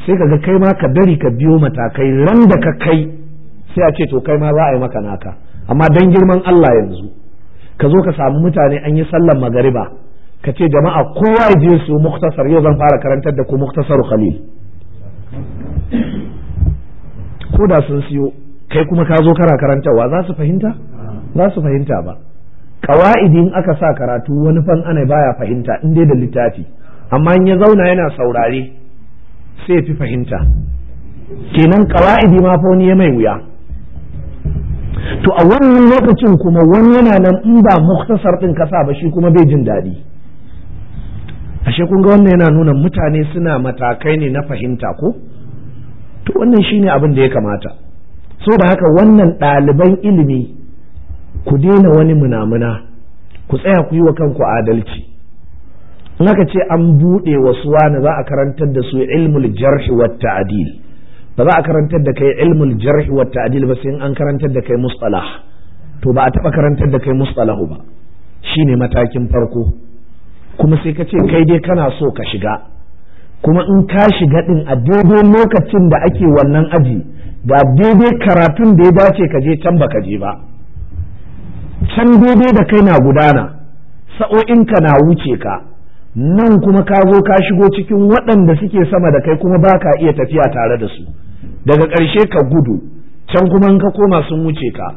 sai ka ga kai ma ka dari ka biyo matakai ran da ka kai sai a ce to kai ma za a yi maka naka amma dan girman Allah yanzu ka zo ka samu mutane an yi sallar magariba ka ce jama'a kowa ya je su muktasar yau zan fara karantar da ku muktasar khalil ko da sun siyo kai kuma ka zo kana karantarwa za su fahimta za su fahimta ba kawa'idin aka sa karatu wani fan ana baya fahimta in dai da littafi amma in ya zauna yana saurare sai fi fahimta kenan kawa'idi ma fa wani ya mai wuya to a wannan lokacin kuma wani yana nan in ba muktasar din kasa ba shi kuma bai jin daɗi ashe kun ga wannan yana nuna mutane suna matakai ne na fahimta ko to wannan shine abin da ya kamata so da haka wannan ɗaliban ilimi ku daina wani munamuna ku tsaya ku yi wa kanku adalci in aka ce an buɗe wasu wani za a karantar da su ilmul jarhi wa ta'dil ba za a karantar da kai ilmul jarh wa ta'dil ba sai an karantar da kai mustalah to ba a taba karantar da kai mustalahu ba shine matakin farko kuma sai ka ce kai dai kana so ka shiga kuma in ka shiga din a daidai lokacin da ake wannan aji da daidai karatun da ya dace ka je can baka je ba can daidai da kai na gudana sa'o'in ka na wuce ka nan kuma ka zo ka shigo cikin waɗanda suke sama da kai kuma ba ka iya tafiya tare da su daga ƙarshe ka gudu can kuma in ka koma sun wuce ka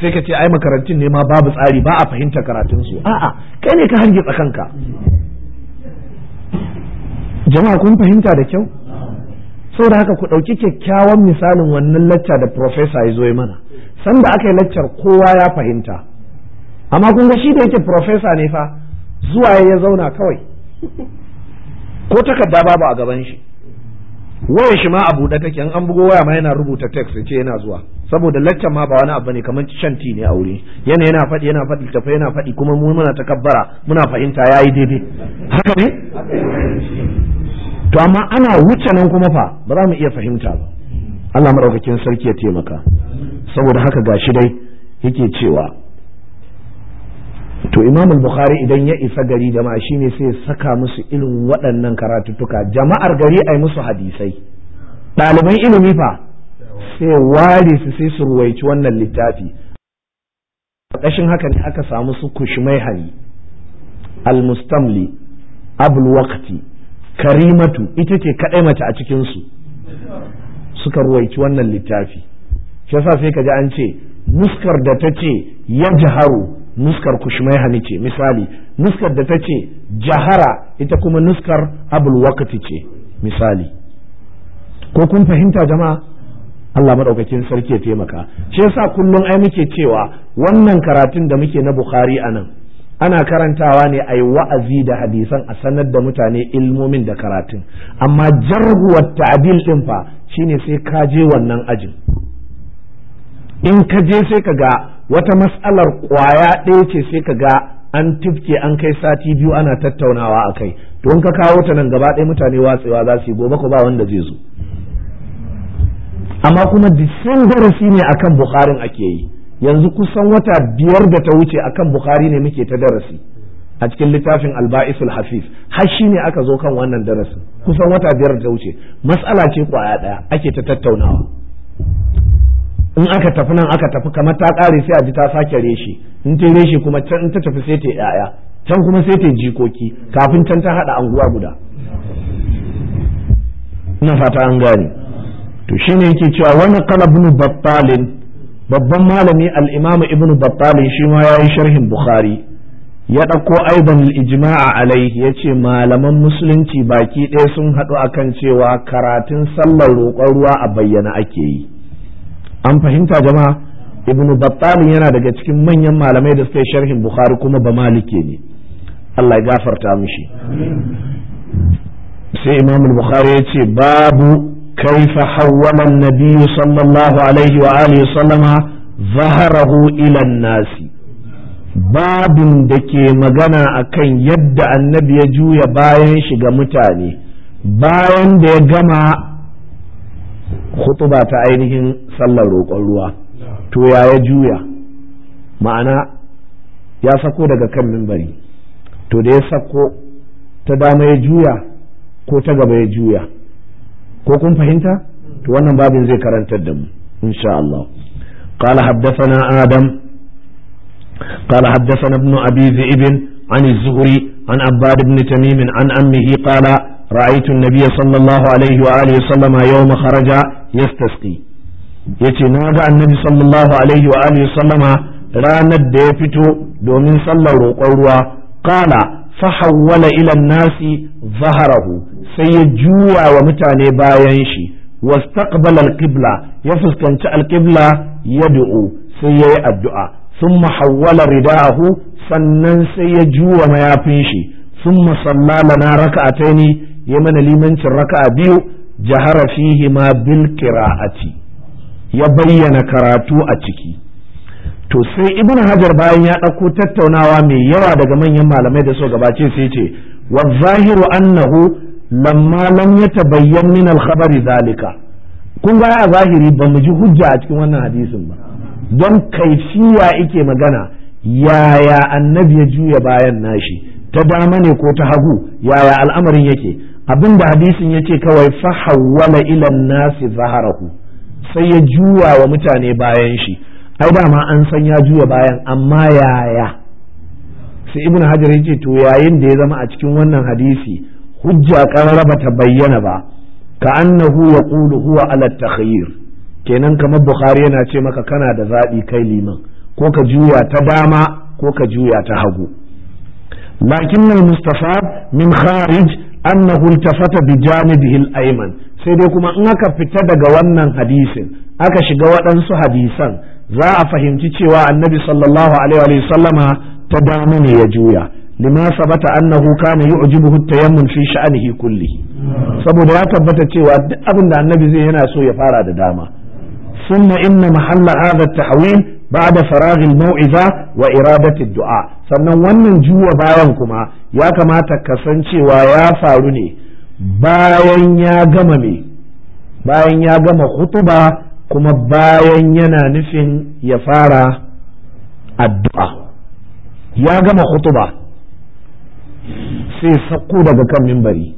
sai ka ce ai makarantun ne ma babu tsari ba a fahimta karatun su a'a kai ne ka hange ka jama'a kun fahimta da kyau saboda haka ku ɗauki kyakkyawan misalin wannan lacca da profesa ya zo ya mana sanda aka yi laccar kowa ya fahimta amma kun ga shi da yake profesa ne fa zuwa ya zauna kawai ko takarda babu a gaban shi wayar shi ma a buɗe take an bugo waya ma yana rubuta text ya ce yana zuwa saboda laccan ma ba wani abu ne kamar shan ti ne a wuri yana yana faɗi yana faɗi tafa yana faɗi kuma mu muna takabbara muna fahimta yayi daidai haka ne to amma ana wuce nan kuma fa ba za mu iya fahimta ba Allah madaukakin sarki ya taimaka saboda haka gashi dai yake cewa to imam bukhari idan ya isa gari jama'a shine sai saka musu irin waɗannan karatuttuka jama'ar gari yi musu hadisai ɗaliban ilimi fa sai ware su sai su ruwaici wannan littafi ƙashin haka ne aka samu su kushmai hari almustamli abul waqti karimatu ita ce kaɗai mace a cikinsu suka ruwaici wannan littafi shi sa sai ka ji an ce muskar da ta ce ya nuskar kushmaihani ce misali nuskar da ta ce jahara ita kuma nuskar abul wakati ce misali ko kun fahimta jama'a Allah maɗaukakin sarki ya taimaka shi yasa kullum ai muke cewa wannan karatun da muke na Bukhari anan ana karantawa ne ai wa'azi da hadisan a sanar da mutane ilmomin da karatun amma jarguwar ta'adil din fa shine sai ka je wannan ajin in ka je sai ka ga wata mas'alar ƙwaya ɗaya ce sai ka ga an tifke an kai sati biyu ana tattaunawa a kai to in ka kawo ta nan gaba ɗaya mutane watsewa za su yi gobe ko ba wanda zai zo amma kuma disin darasi ne akan bukharin ake yi yanzu kusan wata biyar da ta wuce akan bukhari ne muke ta darasi a cikin littafin alba'isul hafiz har shi ne aka zo kan wannan darasin kusan wata biyar da ta wuce matsala ce kwaya ɗaya ake ta tattaunawa in aka tafi nan aka tafi kamar ta ƙare sai a ji ta sake reshe in ta reshe kuma can ta tafi sai ta yaya can kuma sai ta jikoki kafin can ta haɗa anguwa guda ina fata an gane to shi ne yake cewa wani kala ibn battalin babban malami al'imamu ibnu ibn battalin shi ma yi sharhin bukhari ya ɗauko aiban ijma'a alai ya ce malaman musulunci baki ɗaya sun haɗu akan cewa karatun sallar roƙon ruwa a bayyana ake yi an fahimta jama'a ibnu battal yana daga cikin manyan malamai da suka yi sharhin bukhari kuma ba malike ne Allah ya gafarta mishi sai imam bukhari ya ce babu kaifa hawwama an sallallahu alaihi wa alihi sallama zaharahu ila nasi babin da ke magana akan yadda annabi ya juya bayan shi ga mutane bayan da ya gama khutuba ta ainihin sallar roƙon ruwa to ya ya juya ma'ana ya sako daga kan mimbari to da ya sako ta dama ya juya ko ta gaba ya juya ko kun fahimta to wannan babin zai karantar da mu insha Allah qala haddathana adam قال حدثنا ابن أبي ذئب عن الزهري عن عباد بن تميم عن أمه قال رأيت النبي صلى الله عليه وآله وسلم يوم خرج yastasqi yace na ga annabi sallallahu alaihi wa alihi sallama ranar da ya fito domin sallar roƙon ruwa qala fahawwala ila nasi zaharahu sai ya juwa wa mutane bayan shi wastaqbala alqibla ya fuskanci alqibla yad'u sai yayi addu'a thumma hawwala rida'ahu sannan sai ya juwa mayafin shi thumma sallama na raka'ataini ya mana limancin raka'a biyu jahara fihi ma bil qira'ati ya bayyana karatu a ciki to sai ibn hajar bayan ya dauko tattaunawa mai yawa daga manyan malamai da so gabace sai ce wa zahiru annahu lamma lam yatabayyan min al khabar zalika kun ga a zahiri ba mu ji hujja a cikin wannan hadisin ba don kaifiya ike magana yaya annabi ya juya bayan nashi ta dama ne ko ta hagu yaya al'amarin yake abin da hadisin ya ce kawai fahawwala ilan nasi zaharahu sai ya juwa wa mutane bayan shi ai dama an san ya juya bayan amma yaya sai ibn hajar ya ce to yayin da ya zama a cikin wannan hadisi hujja karara ba ta bayyana ba ka annahu ya Kulu huwa ala takhayyir kenan kamar bukhari yana ce maka kana da zaɓi kai liman ko ka juya ta dama ko ka juya ta hagu lakin mustafa min kharij annahu iltafata bi janibihi al aiman sai dai kuma in aka fita daga wannan hadisin aka shiga waɗansu hadisan za a fahimci cewa annabi sallallahu alaihi wa sallama ta dama ne ya juya lima sabata annahu kana yu'jibuhu at-tayammum shi sha'nihi kulli. saboda ya tabbata cewa duk abin da annabi zai yana so ya fara da dama ثم إن محل هذا التحويل بعد faraghin mau'iza wa الدعاء du'a sannan wannan juwa bayan kuma ya kamata kasancewa ya faru ne bayan ya gama me bayan ya gama hutuba kuma bayan yana nufin ya fara addu'a ya gama hutuba sai sakko daga kan mimbari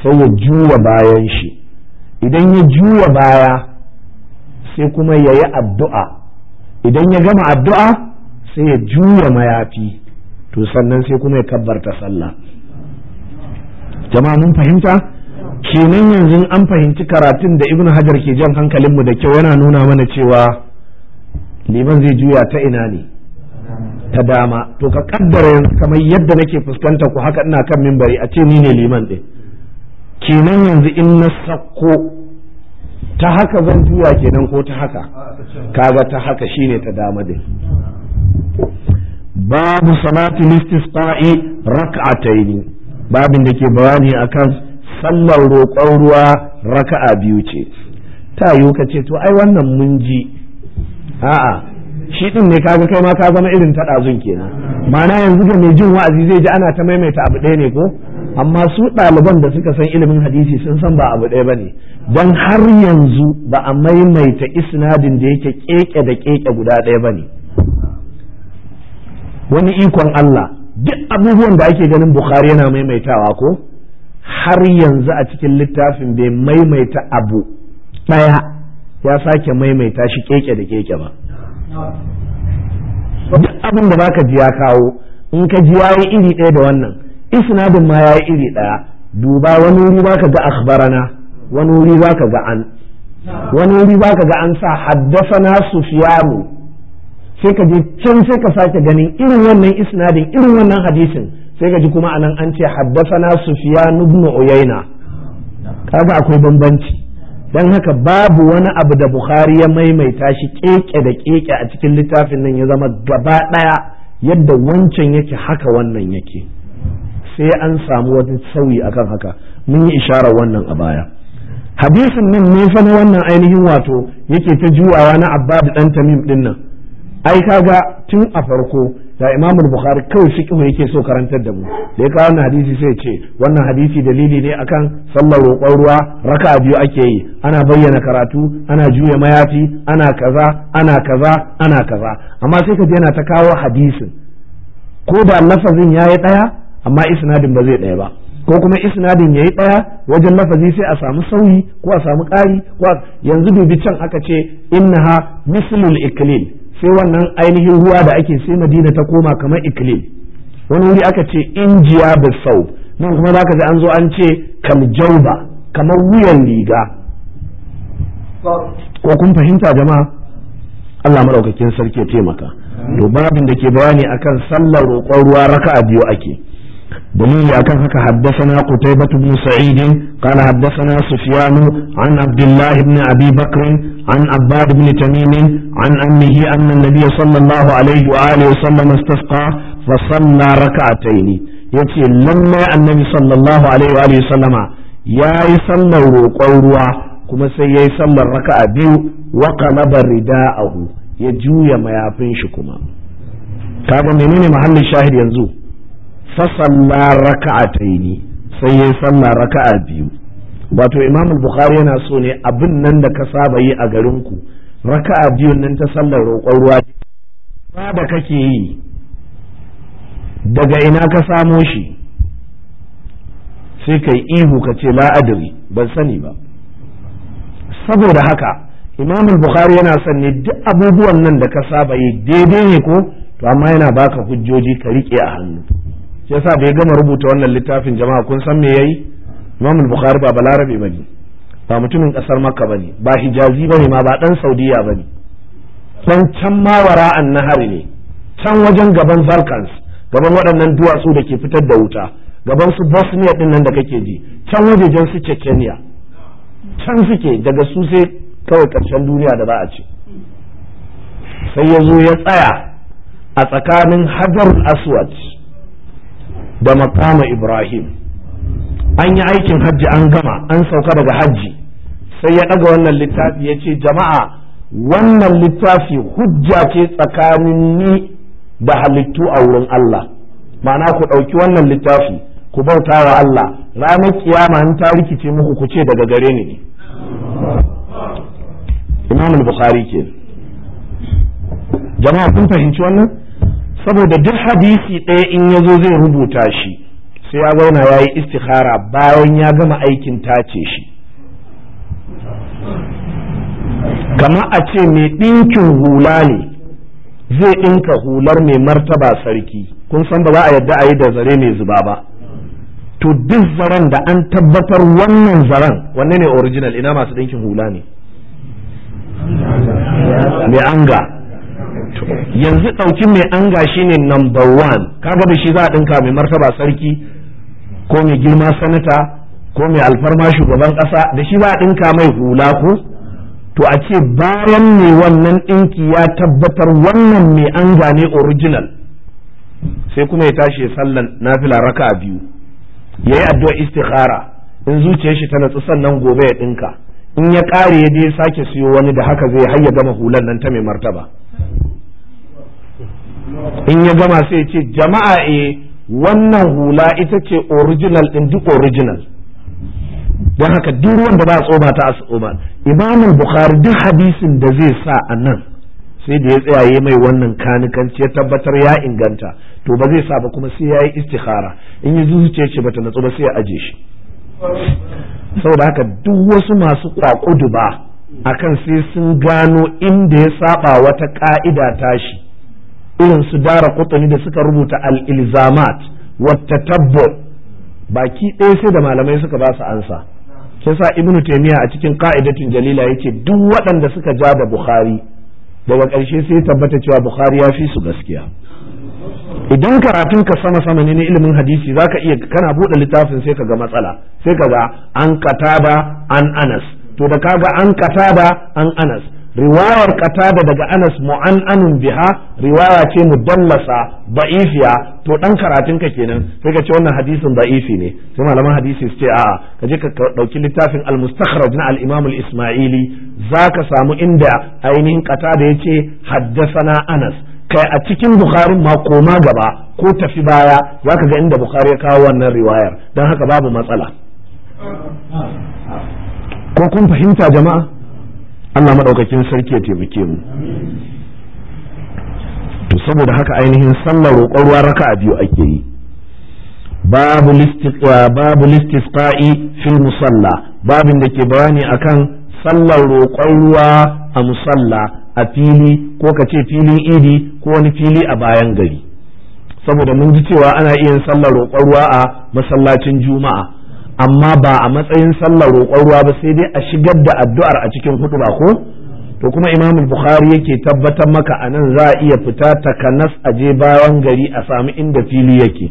sai ya juwa bayan shi idan ya juwa baya sai kuma ya yi addu'a idan ya gama addu'a sai ya juya mayafi to sannan sai kuma ya kabbarta sallah jama'a mun fahimta kenan yanzu an fahimci karatun da ibnu hajar ke jan hankalinmu da kyau yana nuna mana cewa liman zai juya ta ina ne ta dama to ka kaddara yanzu kamar yadda nake fuskanta ku haka ina kan mimbari a ce ni ne liman din kenan yanzu in na sakko ta haka zan juya kenan ko ta haka kaga ta haka shine ta dama din babu salati listisqa'i rak'ataini babin da ke bayani akan sallar roƙon ruwa raka'a biyu ce ta yiwu ka ce to ai wannan mun ji a'a shi din ne kaga kai ma ka zama irin ta ɗazun kenan ma'ana yanzu da mai jin wa'azi zai ji ana ta maimaita abu ɗaya ne ko amma su ɗaliban da suka san ilimin hadisi sun san ba abu ɗaya ba ne don har yanzu ba a maimaita isnadin da yake keke da keke guda ɗaya ba ne. wani ikon Allah duk abubuwan da ake ganin Bukhari yana maimaitawa ko har yanzu a cikin littafin bai maimaita abu ɗaya ya sake maimaita shi keke da keke ba duk abin da baka ji ya kawo in ka ji yayi iri ɗaya da wannan isnadin ma ya yi iri ɗaya duba wani wuri ba ka ga akhbarana wani wuri ba ka ga an wani wuri ba ka ga an sa haddasana fiyaru sai ka je can sai ka sake ganin irin wannan isnadin irin wannan hadisin sai ka ji kuma anan an ce haddasana sufiyanu ibn uyayna kaga akwai bambanci dan haka babu wani abu da bukhari ya maimaita shi keke da keke a cikin littafin nan ya zama gaba ɗaya yadda wancan yake haka wannan yake sai an samu wani sauyi akan haka mun yi isharar wannan a baya hadisin nan ne fa na wannan ainihin wato yake ta juwawa na abbad dan tamim din nan ai kaga tun a farko da imam bukhari kawai kuma yake so karantar da mu da ya wannan hadisi sai ce wannan hadisi dalili ne akan sallar roƙon ruwa raka'a biyu ake yi ana bayyana karatu ana juya mayafi ana kaza ana kaza ana kaza amma sai ka je yana ta kawo hadisin ko da lafazin yayi daya amma isnadin ba zai ɗaya ba ko kuma isnadin yi ɗaya wajen lafazi sai a samu sauyi ko a samu ƙari ko yanzu dubi can aka ce innaha mislul iklil sai wannan ainihin ruwa da ake sai madina ta koma kamar iklil wani wuri aka ce injiya bisau nan kuma za ka ji an zo an ce kaljauba kamar wuyan riga ko kun fahimta jama'a Allah maɗaukakin sarki ya taimaka to babin da ke bayani akan sallar roƙon ruwa raka'a biyu ake دليل أكن حدثنا قتيبة بن سعيد قال حدثنا سفيان عن عبد الله بن أبي بكر عن عباد بن تميم عن أمه أن النبي صلى الله عليه وآله وسلم استسقى فصلى ركعتين يتي لما النبي صلى الله عليه وآله وسلم يا يصلى روقوا كما سي يصلى ركعة بيو وقلب رداءه يجوي ما يعفنش كما كابا منين محل الشاهد ينزو fasalla raka'ataini sai ya salla raka'a biyu wato imam bukhari yana so ne abin nan da ka saba yi a garin ku raka'a biyu nan ta sallar roƙon ruwa saba kake yi daga ina ka samo shi sai kai ihu ka ce adri ban sani ba saboda haka imam bukhari yana son ne duk abubuwan nan da ka saba yi daidai ne ko to amma yana baka hujjoji ka riƙe a hannu shi yasa bai gama rubuta wannan littafin jama'a kun san me yayi Imam Bukhari ba balarabe bane ba mutumin kasar Makka bane ba hijazi ne ma ba dan Saudiya bane can can ma wara'an nahari ne can wajen gaban Balkans gaban waɗannan duwatsu da ke fitar da wuta gaban su Bosnia din nan da kake ji can wajejen su Chechnya can suke daga su sai kawai ƙarshen duniya da za a ce sai ya zo ya tsaya a tsakanin hajar aswad da maqama ibrahim an yi aikin hajji an gama an sauka daga hajji sai ya ɗaga wannan littafi ya ce jama'a wannan littafi hujja ce tsakanin ni da halittu a wurin Allah ma'ana ku ɗauki wannan littafi ku bauta wa Allah ranar kiyama an ta rikice muku ku ce daga gare ni ne Bukhari ke jama'a kun fahimci wannan saboda duk hadisi ɗaya in ya zo zai rubuta shi sai ya zauna ya yi istikhara bayan ya gama aikin tace shi kama a ce mai ɗinkin hula ne zai ɗinka hular mai martaba sarki kun san ba za a yadda a yi da zare mai zuba ba to duk zaren da an tabbatar wannan zaren wanne ne original ina masu ɗinkin hula ne mai anga yanzu ɗauki mai anga shi ne number one kaga da shi za a ɗinka mai martaba sarki ko mai girma sanata ko mai alfarma shugaban ƙasa da shi za a ɗinka mai hula ku? to a ce bayan ne wannan ɗinki ya tabbatar wannan mai anga ne original sai kuma ya tashi ya sallan nafila raka biyu ya yi addu'a istikhara in zuciyar shi ta natsu sannan gobe ya ɗinka in ya ƙare ya sake siyo wani da haka zai har ya gama hular nan ta mai martaba in ya gama sai ya ce jama'a e wannan hula ita ce original din duk original don haka duk ruwan da ba a tsoma ta a tsoma imamin bukhari duk hadisin da zai sa a nan sai da ya tsayaye mai wannan kanikanci ya tabbatar ya inganta to ba zai sa ba kuma sai ya yi istikhara in yi zuciya ce bata natsu ba sai ya aje shi saboda haka duk wasu masu kwakudu ba akan sai sun gano inda ya saba wata ka'ida tashi irin su dara kutani da suka rubuta al-ilzamat wa baki ɗaya sai da malamai suka ba su ansa sai sa ibnu taymiya a cikin ka'idatin jalila yake duk waɗanda suka ja da bukhari daga ƙarshe sai tabbata cewa bukhari ya fi su gaskiya idan karatun ka sama sama ne na ilimin hadisi zaka iya kana buɗe littafin sai ka ga matsala sai ka ga an kataba an anas to da kaga an kataba an anas riwayar qatada daga Anas mu'ananun biha riwaya ce mu dallasa da'ifiya to dan karatun ka kenan sai ka ce wannan hadisin da'ifi ne sai malaman hadisi su ce a'a ka je ka dauki littafin al-mustakhraj na al-Imam al-Isma'ili zaka samu inda ainihin qatada yace haddathana Anas kai a cikin Bukhari ma koma gaba ko tafi baya zaka ga inda Bukhari ya kawo wannan riwayar dan haka babu matsala ko kun fahimta jama'a Allah madaukakin sarki ya taimake mu to saboda haka ainihin sallar roƙon ruwa raka a biyu ake yi babu babu listisqa'i fil musalla babin da ke bayani akan sallar roƙon ruwa a musalla a fili ko ka ce filin idi ko wani fili a bayan gari saboda mun ji cewa ana iya sallar roƙon ruwa a masallacin juma'a amma ba a matsayin sallar roƙon ruwa ba sai dai a shigar da addu'ar a cikin ba ko to kuma imam bukhari yake tabbatar maka a nan za a iya fita takanas a je bayan gari a sami inda fili yake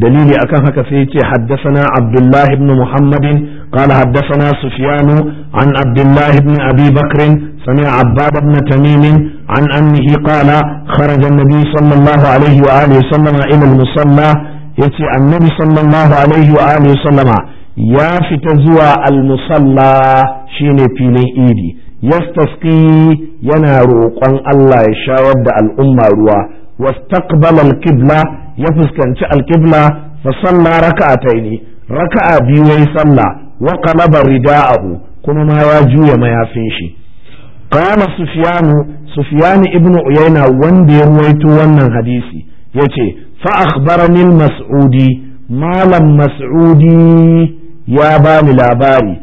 dalili akan haka sai yace haddathana abdullah ibn muhammadin qala Haddasana Sufiyanu, an abdullah ibn abi bakr sami'a abbad ibn tamim an annahu qala kharaja an-nabi sallallahu alaihi wa alihi wa sallama ila musalla yace annabi sallallahu alaihi wa alihi sallama ya fita zuwa al-musalla shine filin idi yastasqi yana roƙon Allah ya shawar da al'umma ruwa wastaqbala al-qibla ya fuskanci al-qibla fa salla raka'ataini raka'a biyu yayi sallah wa qalaba rida'ahu kuma ma ya juya mayafin shi qala sufyanu sufyanu ibnu uyayna wanda ya ruwaito wannan hadisi yace fa akhbarani mas'udi malam mas'udi ya ba labari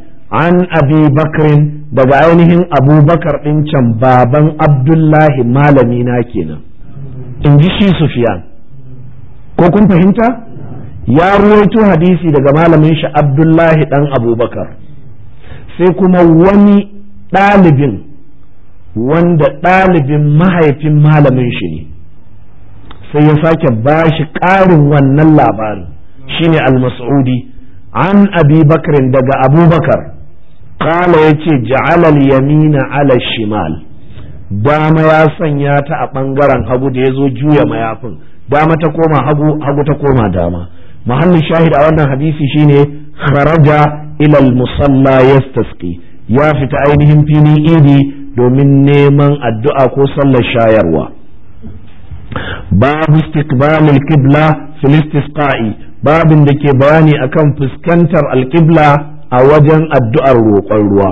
an abi bakrin daga ainihin abubakar ɗin can baban abdullahi malami na kenan in ji shi sufiyan ko kun fahimta ya ruwaito hadisi daga malamin shi abdullahi ɗan abubakar sai kuma wani ɗalibin wanda ɗalibin mahaifin malamin shi ne sai ya sake ba shi ƙarin wannan labari shine al-mas'udi an abi bakrin daga abubakar kala ya ce ja'alal yamina ala shimal dama ya sanya ta a ɓangaren hagu da ya zo juya mayafin dama ta koma hagu hagu ta koma dama muhallin shahid a wannan hadisi shine kharaja ilal musalla yastasqi ya fita ainihin filin idi domin neman addu'a ko sallar shayarwa babu istiqbalul qibla fil istisqa'i babin da ke bayani akan fuskantar alqibla a wajen addu'ar roƙon ruwa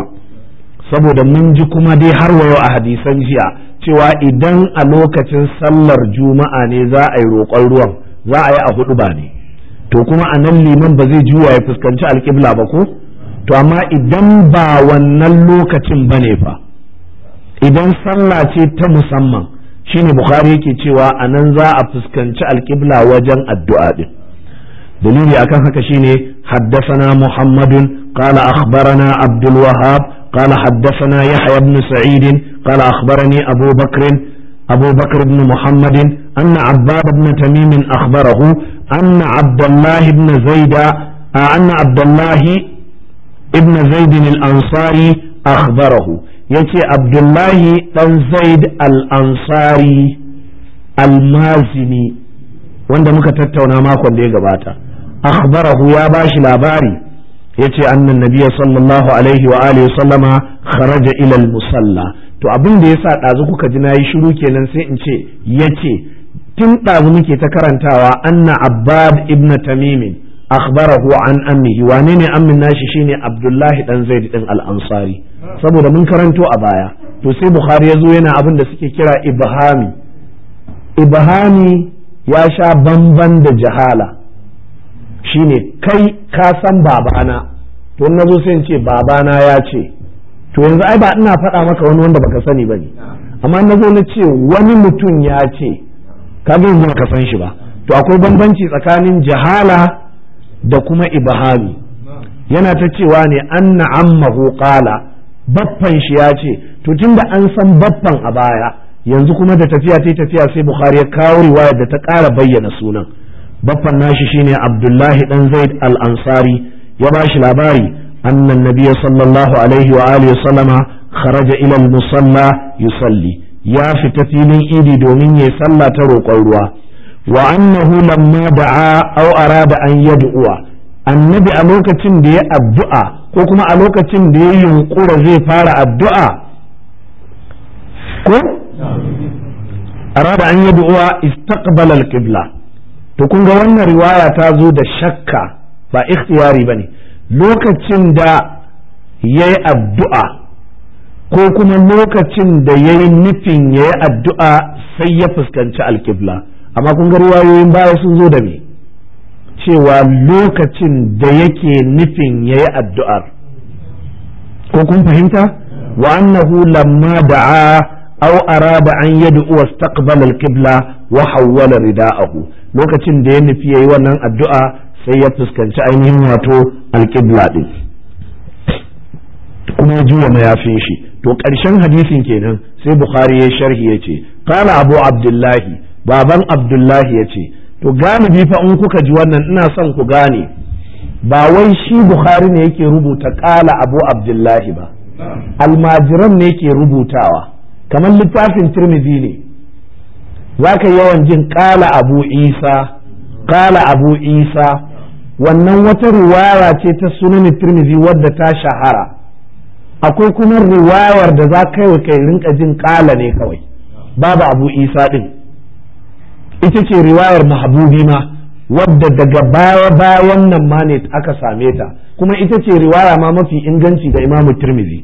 saboda mun ji kuma dai har wayo a hadisan jiya cewa idan a lokacin sallar juma'a ne za a yi roƙon ruwan za a yi a huɗu ba ne to kuma a nan liman ba zai juwa ya fuskanci alƙibla ba ko to amma idan ba wannan lokacin bane fa idan sallah ce ta musamman shine bukhari yake cewa a nan za a fuskanci alƙibla wajen addu'a din dalili akan haka shine haddasana muhammadun qala akhbarana abdul wahab qala haddasana yahya ibn sa'id qala akhbarani abu bakr abu bakr بن محمد أن عباد بن تميم akhbarahu أن عبد الله بن زيد أن عبد الله ابن زيد akhbarahu. yace abdullahi ɗan zaid al-ansari al-mazini wanda muka tattauna makon da ya gabata akhbarahu ya ba shi labari yace annan nabiyyu sallallahu alaihi wa sallama kharaja ilal al-musalla to abin da yasa ɗazu kuka ji na yi shiru kenan sai in ce yace tun dazu muke ta karantawa anna Abab ibn tamimin akhbarahu an ammihi wa ne ammin nashi shine abdullahi dan zaid din al-ansari saboda mun karanto a baya to sai bukhari yazo yana abin da suke kira ibhami ibhami ya sha banban da jahala shine kai ka san babana to na zo sai in ce babana ya ce to yanzu ai ba ina faɗa maka wani wanda baka sani bane amma nazo zo na ce wani mutum ya ce ka yanzu san shi ba to akwai bambanci tsakanin jahala da kuma ibhami yana ta cewa ne anna ammahu qala baffan shi ya ce to tunda an san baffan a baya yanzu kuma da tafiya ta tafiya sai bukhari ya kawo riwaya da ta ƙara bayyana sunan baffan nashi shine abdullahi dan zaid al ansari ya ba shi labari annan nabiy sallallahu alaihi wa alihi sallama kharaja ila al musalla yusalli ya fita filin idi domin yayi sallah ta roƙon ruwa wa annahu lamma da'a aw arada an annabi a lokacin da ya addu'a ko kuma a lokacin da ya yunkura zai fara addu'a ko arada an yad'uwa istaqbala al-qibla to kun ga wannan riwaya ta zo da shakka ba ikhtiyari ne lokacin da yayi addu'a ko kuma lokacin da ya yi nufin ya yi addu'a sai ya fuskanci al-qibla amma kun ga riwayoyin baya sun zo da me cewa lokacin da yake nufin yayi addu'ar ko kun fahimta wa annahu lamma da'a aw arada an yad'u wastaqbala al-qibla wa hawwala rida'ahu lokacin da ya nufi yayi wannan addu'a sai ya fuskanci ainihin wato al-qibla din kuma ya juya mayafin shi to karshen hadisin kenan sai bukhari ya sharhi yace qala abu abdullahi baban abdullahi ya ce to galibi fa in kuka ji wannan ina son ku gane ba wai shi bukhari ne yake rubuta kala abu abdullahi ba almajiran ne ke rubutawa kamar littafin tirmidhi ne za yawan jin kala abu isa kala abu isa wannan wata riwaya ce ta sunan tirmidhi wadda ta shahara akwai kuma riwayar da za kai wa kai rinka jin kala ne kawai babu abu isa din ita ce riwayar mahabubi ma wadda daga baya baya wannan ma ne aka same ta kuma ita ce riwaya ma mafi inganci ga imamu tirmizi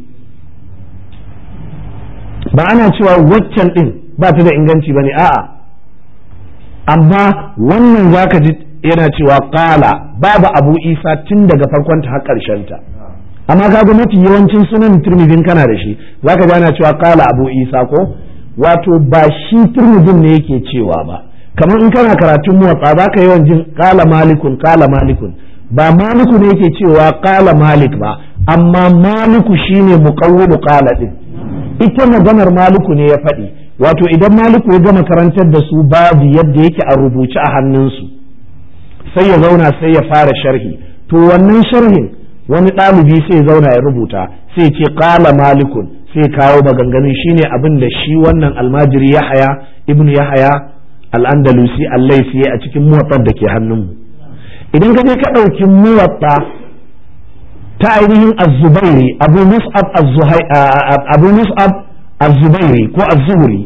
ba ana cewa waccan din ba ta da inganci ba ne a'a amma wannan zaka ji yana cewa kala babu abu isa tun daga farkon ta har ƙarshen ta amma kaga mafi yawancin sunan turmizin kana da shi zaka ji ana cewa kala abu isa ko wato ba shi turmizin ne yake cewa ba kamar in kana karatun muwatsa za ka yawan jin kala malikun kala malikun ba maliku ne yake cewa kala malik ba amma maliku shine mu kala din ita maganar maliku ne ya faɗi wato idan maliku ya gama karantar da su babu yadda yake a rubuce a hannunsu sai ya zauna sai ya fara sharhi to wannan sharhin wani ɗalibi sai zauna ya rubuta sai ce kala malikun sai kawo maganganun shine abin da shi wannan almajiri ya haya, ibnu ya haya. al-andalusi al a cikin muwatta da ke hannunmu idan ka je ka ɗauki muwatta ta ainihin az-zubairi abu mus'ab abu mus'ab az-zubairi ko az-zuhri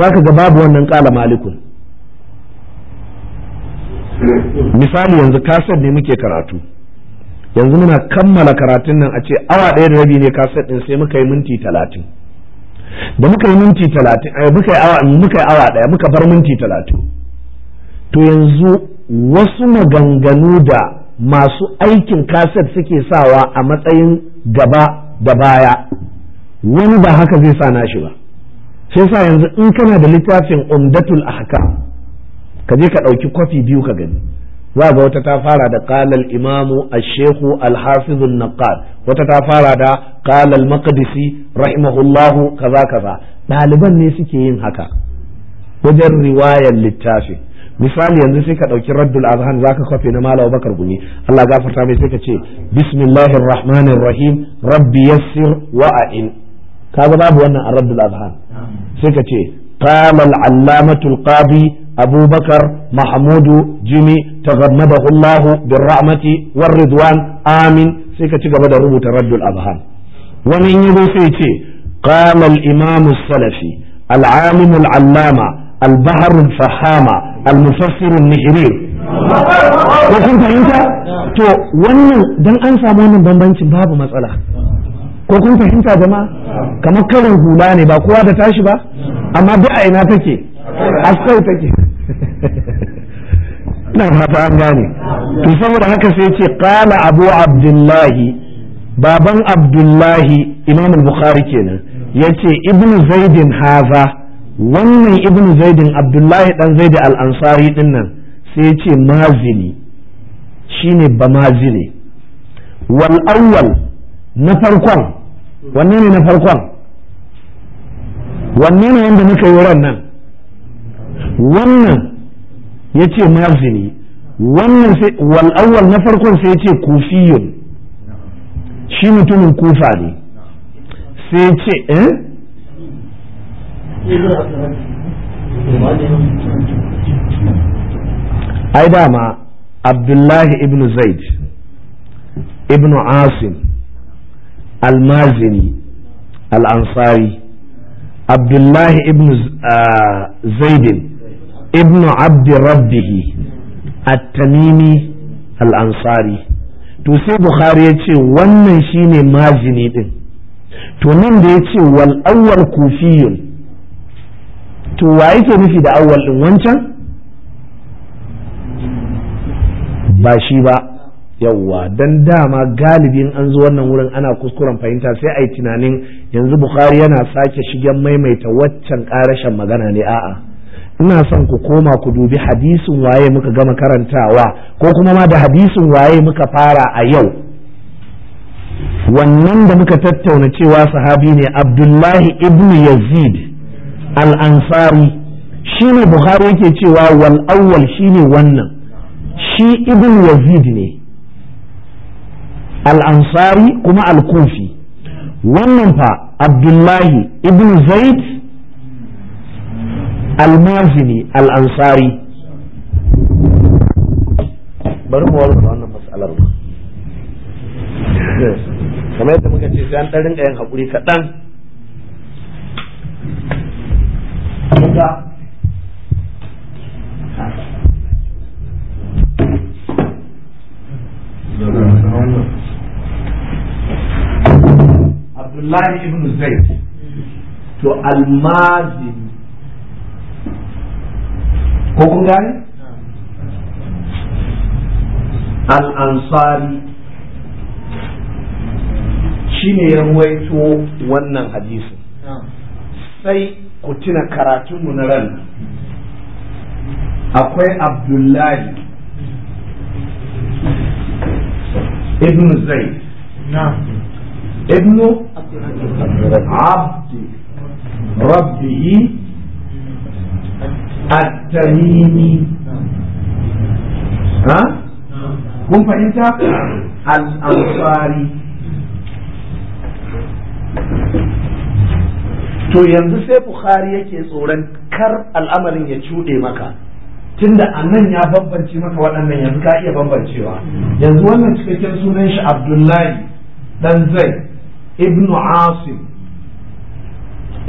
zaka ga babu wannan kala malikun misali yanzu kaset ne muke karatu yanzu muna kammala karatun nan a ce awa ɗaya da rabi ne kaset ɗin sai muka yi minti talatin da muka yi minti talatin eh, muka yi awa muka yi awa daya muka bar minti talatin to yanzu wasu maganganu da masu aikin kaset suke sawa a matsayin gaba da baya wani ba haka zai sa nashi ba sai sa yanzu in kana da littafin umdatul ahkam ka je ka ɗauki kwafi biyu ka gani za ga wata ta fara da qalal imamu ash-shaykhu al-hafiz an wata ta fara da qalal al-maqdisi rahimahullahu kaza kaza ɗaliban ne suke yin haka wajen riwayar littafi misali yanzu sai ka ɗauki raddul azhan zaka kafe na malama bakar gumi Allah gafarta mai sai ka ce bismillahir rahmanir rahim rabbi yassir wa a'in kaga babu wannan a raddul azhan sai ka ce qala al-allamatu al-qadi أبو بكر محمود جيمي تغمده الله بالرحمة والرضوان آمين سيكتك بدأ ربو ترد الأبهام ومن يبوسيتي قام الإمام السلفي العالم العلامة البحر الفحامة المفسر النهري ko kun fahimta to wannan dan an samu wannan bambancin babu matsala ko kun fahimta jama'a kamar karin hula ne ba kowa da tashi ba amma duk a ina take asau take ina fata an gane to saboda haka sai ce qala abu abdullahi baban abdullahi imam bukhari kenan yace ibnu zaidin haza wannan ibnu zaidin abdullahi dan zaid al-ansari dinnan sai yace mazili shine mazili. wal awwal na farkon wanne ne na farkon wanne ne wanda muka yi nan wannan ya ce marzini wannan wal awwal na farkon sai ya ce kufiyun shi mutumin kufa ne sai ya ce eh ai dama abdullahi ibn zaid ibn asim Al-Ansari, abdullahi ibn ah, zaidin ibnu abdi rabbihi at-tamimi al-ansari to sai bukhari ya ce wannan shine majini din to nan da ya ce wal awwal kufiyun to wa yake nufi da awwal din wancan ba shi ba yawa don dama galibin an zo wannan wurin ana kuskuren fahimta sai a yi tunanin yanzu bukhari yana sake shigen maimaita waccan karashen magana ne a'a ina son ku koma ku dubi hadisin waye muka gama karantawa ko kuma ma da hadisin waye muka fara a yau wannan da muka tattauna cewa sahabi ne abdullahi ibn yazid al-ansari shi ne buhari yake cewa wal awwal shi ne wannan shi ibn yazid ne al-ansari kuma al-kufi wannan fa abdullahi ibn zaid almazini al'ansari bari mu warware wannan matsalar ba kamar yadda muka ce sai an ɗan rinka yin haƙuri kaɗan الله ibn زيد تو almazini ko kun gane al-ansari shine ya ruwaito wannan hadisin sai ku tuna karatunmu na ran akwai abdullahi ibn zaid ibn abd rabbi التميمي ها ha kun to yanzu sai bukhari yake tsoron kar al'amarin ya cuɗe maka tunda anan ya bambance maka waɗannan yanzu ka iya bambancewa yanzu wannan cikakken sunan shi abdullahi dan zai ibnu asim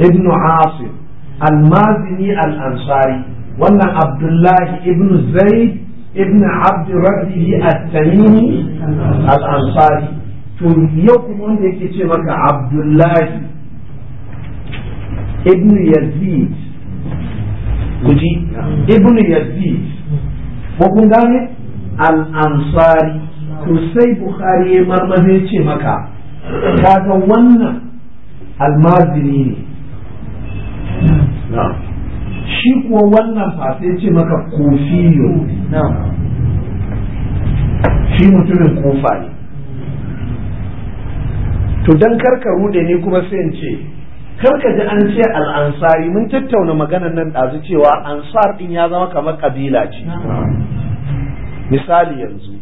ibnu asim almazini al-ansari wannan abdullahi ibn zaid ibn abd rabbi at-tamimi al-ansari to yau kuma wanda yake ce maka abdullahi ibn yazid kuji ibn yazid ko kun gane al-ansari to sai bukhari ya marmaze ce maka kaga wannan al-mazini na'am shi kuwa wannan fa sai ce maka kofiyo shi mutumin kofa ne to don karka rude ni kuma sai in ce karka ji an ce al'ansari mun tattauna maganar nan ɗazu cewa ansar ɗin ya zama kamar kabila ce misali yanzu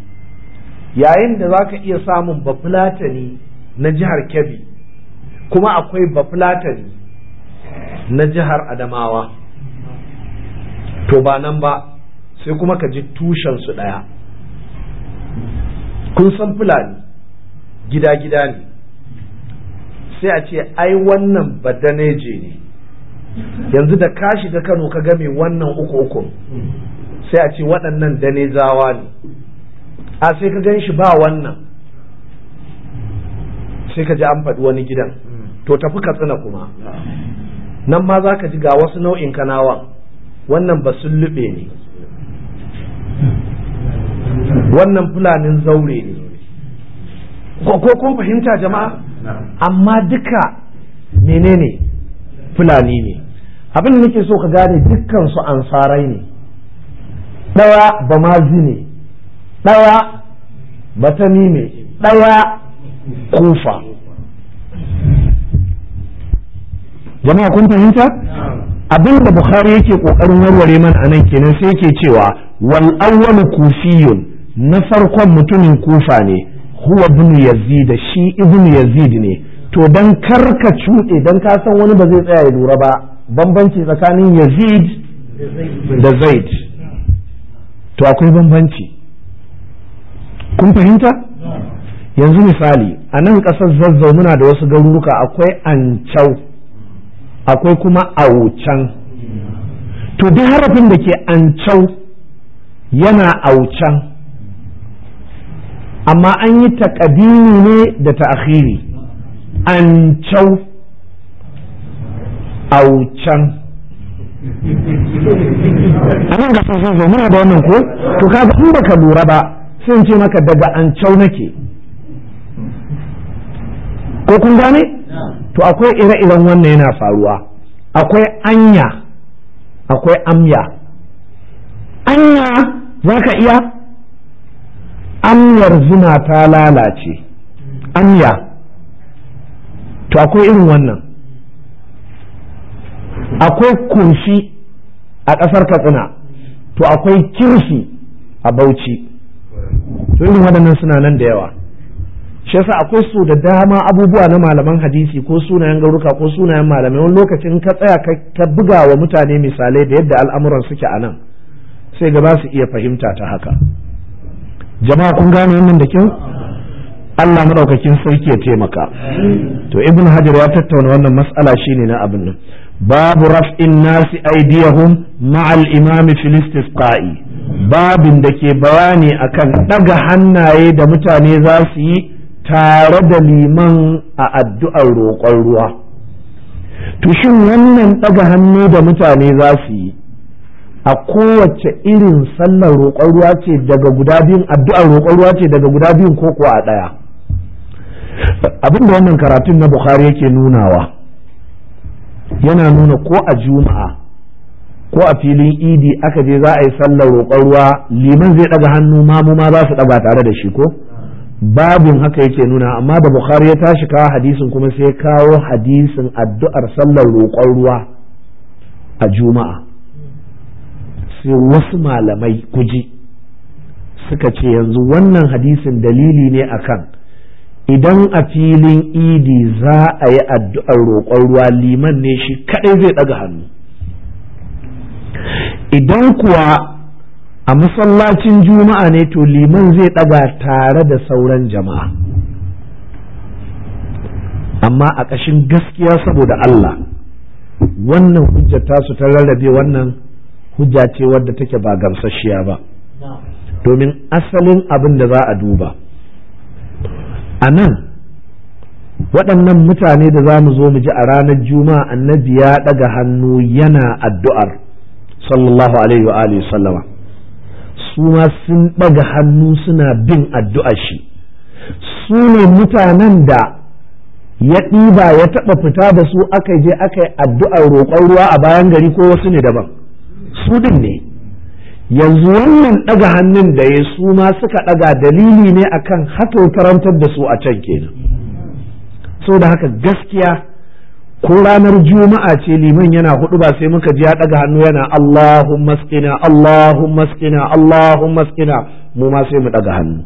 yayin da za ka iya samun bafulatani na jihar kebbi kuma akwai bafulatani na jihar adamawa to ba nan ba sai kuma ka ji tushen su ɗaya kun san fulani gida-gida ne sai a ce ai wannan badaneje ne yanzu da ka shiga kano ka game wannan uku uku sai a ce waɗannan danezawa ne a sai ka gan shi ba wannan sai ka ji an faɗi wani gidan to tafi katsina kuma nan ma za ka ji ga wasu nau'in kanawan wannan ba sun lube ne wannan fulanin zaure ne ko kun fahimta jama'a amma duka menene fulani ne abin da nake so ka gane dukkan su ansarai ne ɗaya bamazi ne ɗaya batani ne ɗaya kufa jama'a kun fahimta abin da bukhari yake kokarin warware mana anan kenan sai yake cewa wal awwal kufiyun na farkon mutumin kufa ne huwa ibn yazid shi ibn yazid ne to dan karka cuɗe dan ka san wani ba zai tsaya ya lura ba bambanci tsakanin yazid da zaid to akwai bambanci kun fahimta yanzu misali a nan ƙasar zazzau muna da wasu garuruka akwai ancau akwai kuma aucan to duk harafin da ke ancau yana aucan amma an yi takadini ne da ta'akhiri ancau aucan a nan gasar sun zo muna da wannan ko to kaga in baka lura ba sun ce maka daga ancau nake ko kun gane to akwai ire-iren wannan yana faruwa akwai anya akwai amya anya za ka iya amyar zina ta lalace anya to akwai irin wannan akwai kunshi a ƙasar katsina to akwai kirshi a bauchi to irin waɗannan suna nan da yawa shi yasa akwai su da dama abubuwa na malaman hadisi ko sunayen garuka ko sunayen malamai wani lokacin ka tsaya ka buga wa mutane misalai da yadda al'amuran suke a nan sai gaba su iya fahimta ta haka jama'a kun gane wannan da kyau Allah madaukakin sarki ya taimaka to ibn hajar ya tattauna wannan mas'ala shine na abin nan babu raf'in nasi aydiyahum ma'al imami fil istisqa'i babin da ke bayani akan daga hannaye da mutane za su yi tare da liman a addu'ar roƙon ruwa to shin wannan ɗaga hannu da mutane za su yi a kowace irin sallar roƙon ruwa ce daga guda biyun addu'ar roƙon ruwa ce daga guda biyun ko kuwa a ɗaya abin da wannan karatun na bukhari yake nunawa yana nuna ko a juma'a ko a filin idi aka je za a yi sallar roƙon ruwa liman zai ɗaga hannu mamu ma za su ɗaga tare da shi ko babin haka yake nuna amma da bukhari ya tashi kawo hadisin kuma sai kawo hadisin addu'ar sallar roƙon ruwa a juma'a sai wasu malamai kuji suka ce yanzu wannan hadisin dalili ne akan idan a filin idi za a yi addu'ar roƙon ruwa liman ne shi kadai zai ɗaga hannu idan kuwa a masallacin juma'a ne to liman zai ɗaga tare da sauran jama'a amma a ƙashin gaskiya saboda Allah wannan hujja su ta rarrabe wannan hujja ce wadda take ba gamsasshiya ba domin asalin abin da za a duba a nan waɗannan mutane da za mu zo mu ji a ranar juma'a annabi ya ɗaga hannu yana addu'ar sallallahu alaihi wa sallama su ma sun ɗaga hannu suna bin addu'a shi su ne mutanen da ya ɗiba ya taɓa fita da su aka je aka yi addu'ar roƙon ruwa a bayan gari ko wasu ne daban su ɗin ne yanzu wannan ɗaga hannun da ya su ma suka ɗaga dalili ne akan haka karantar da su a can kenan so da haka gaskiya ko ranar juma'a ce liman yana hudu ba sai muka ji ya daga hannu yana Allahumma sqina Allahumma sqina Allahumma sqina mu ma sai mu daga hannu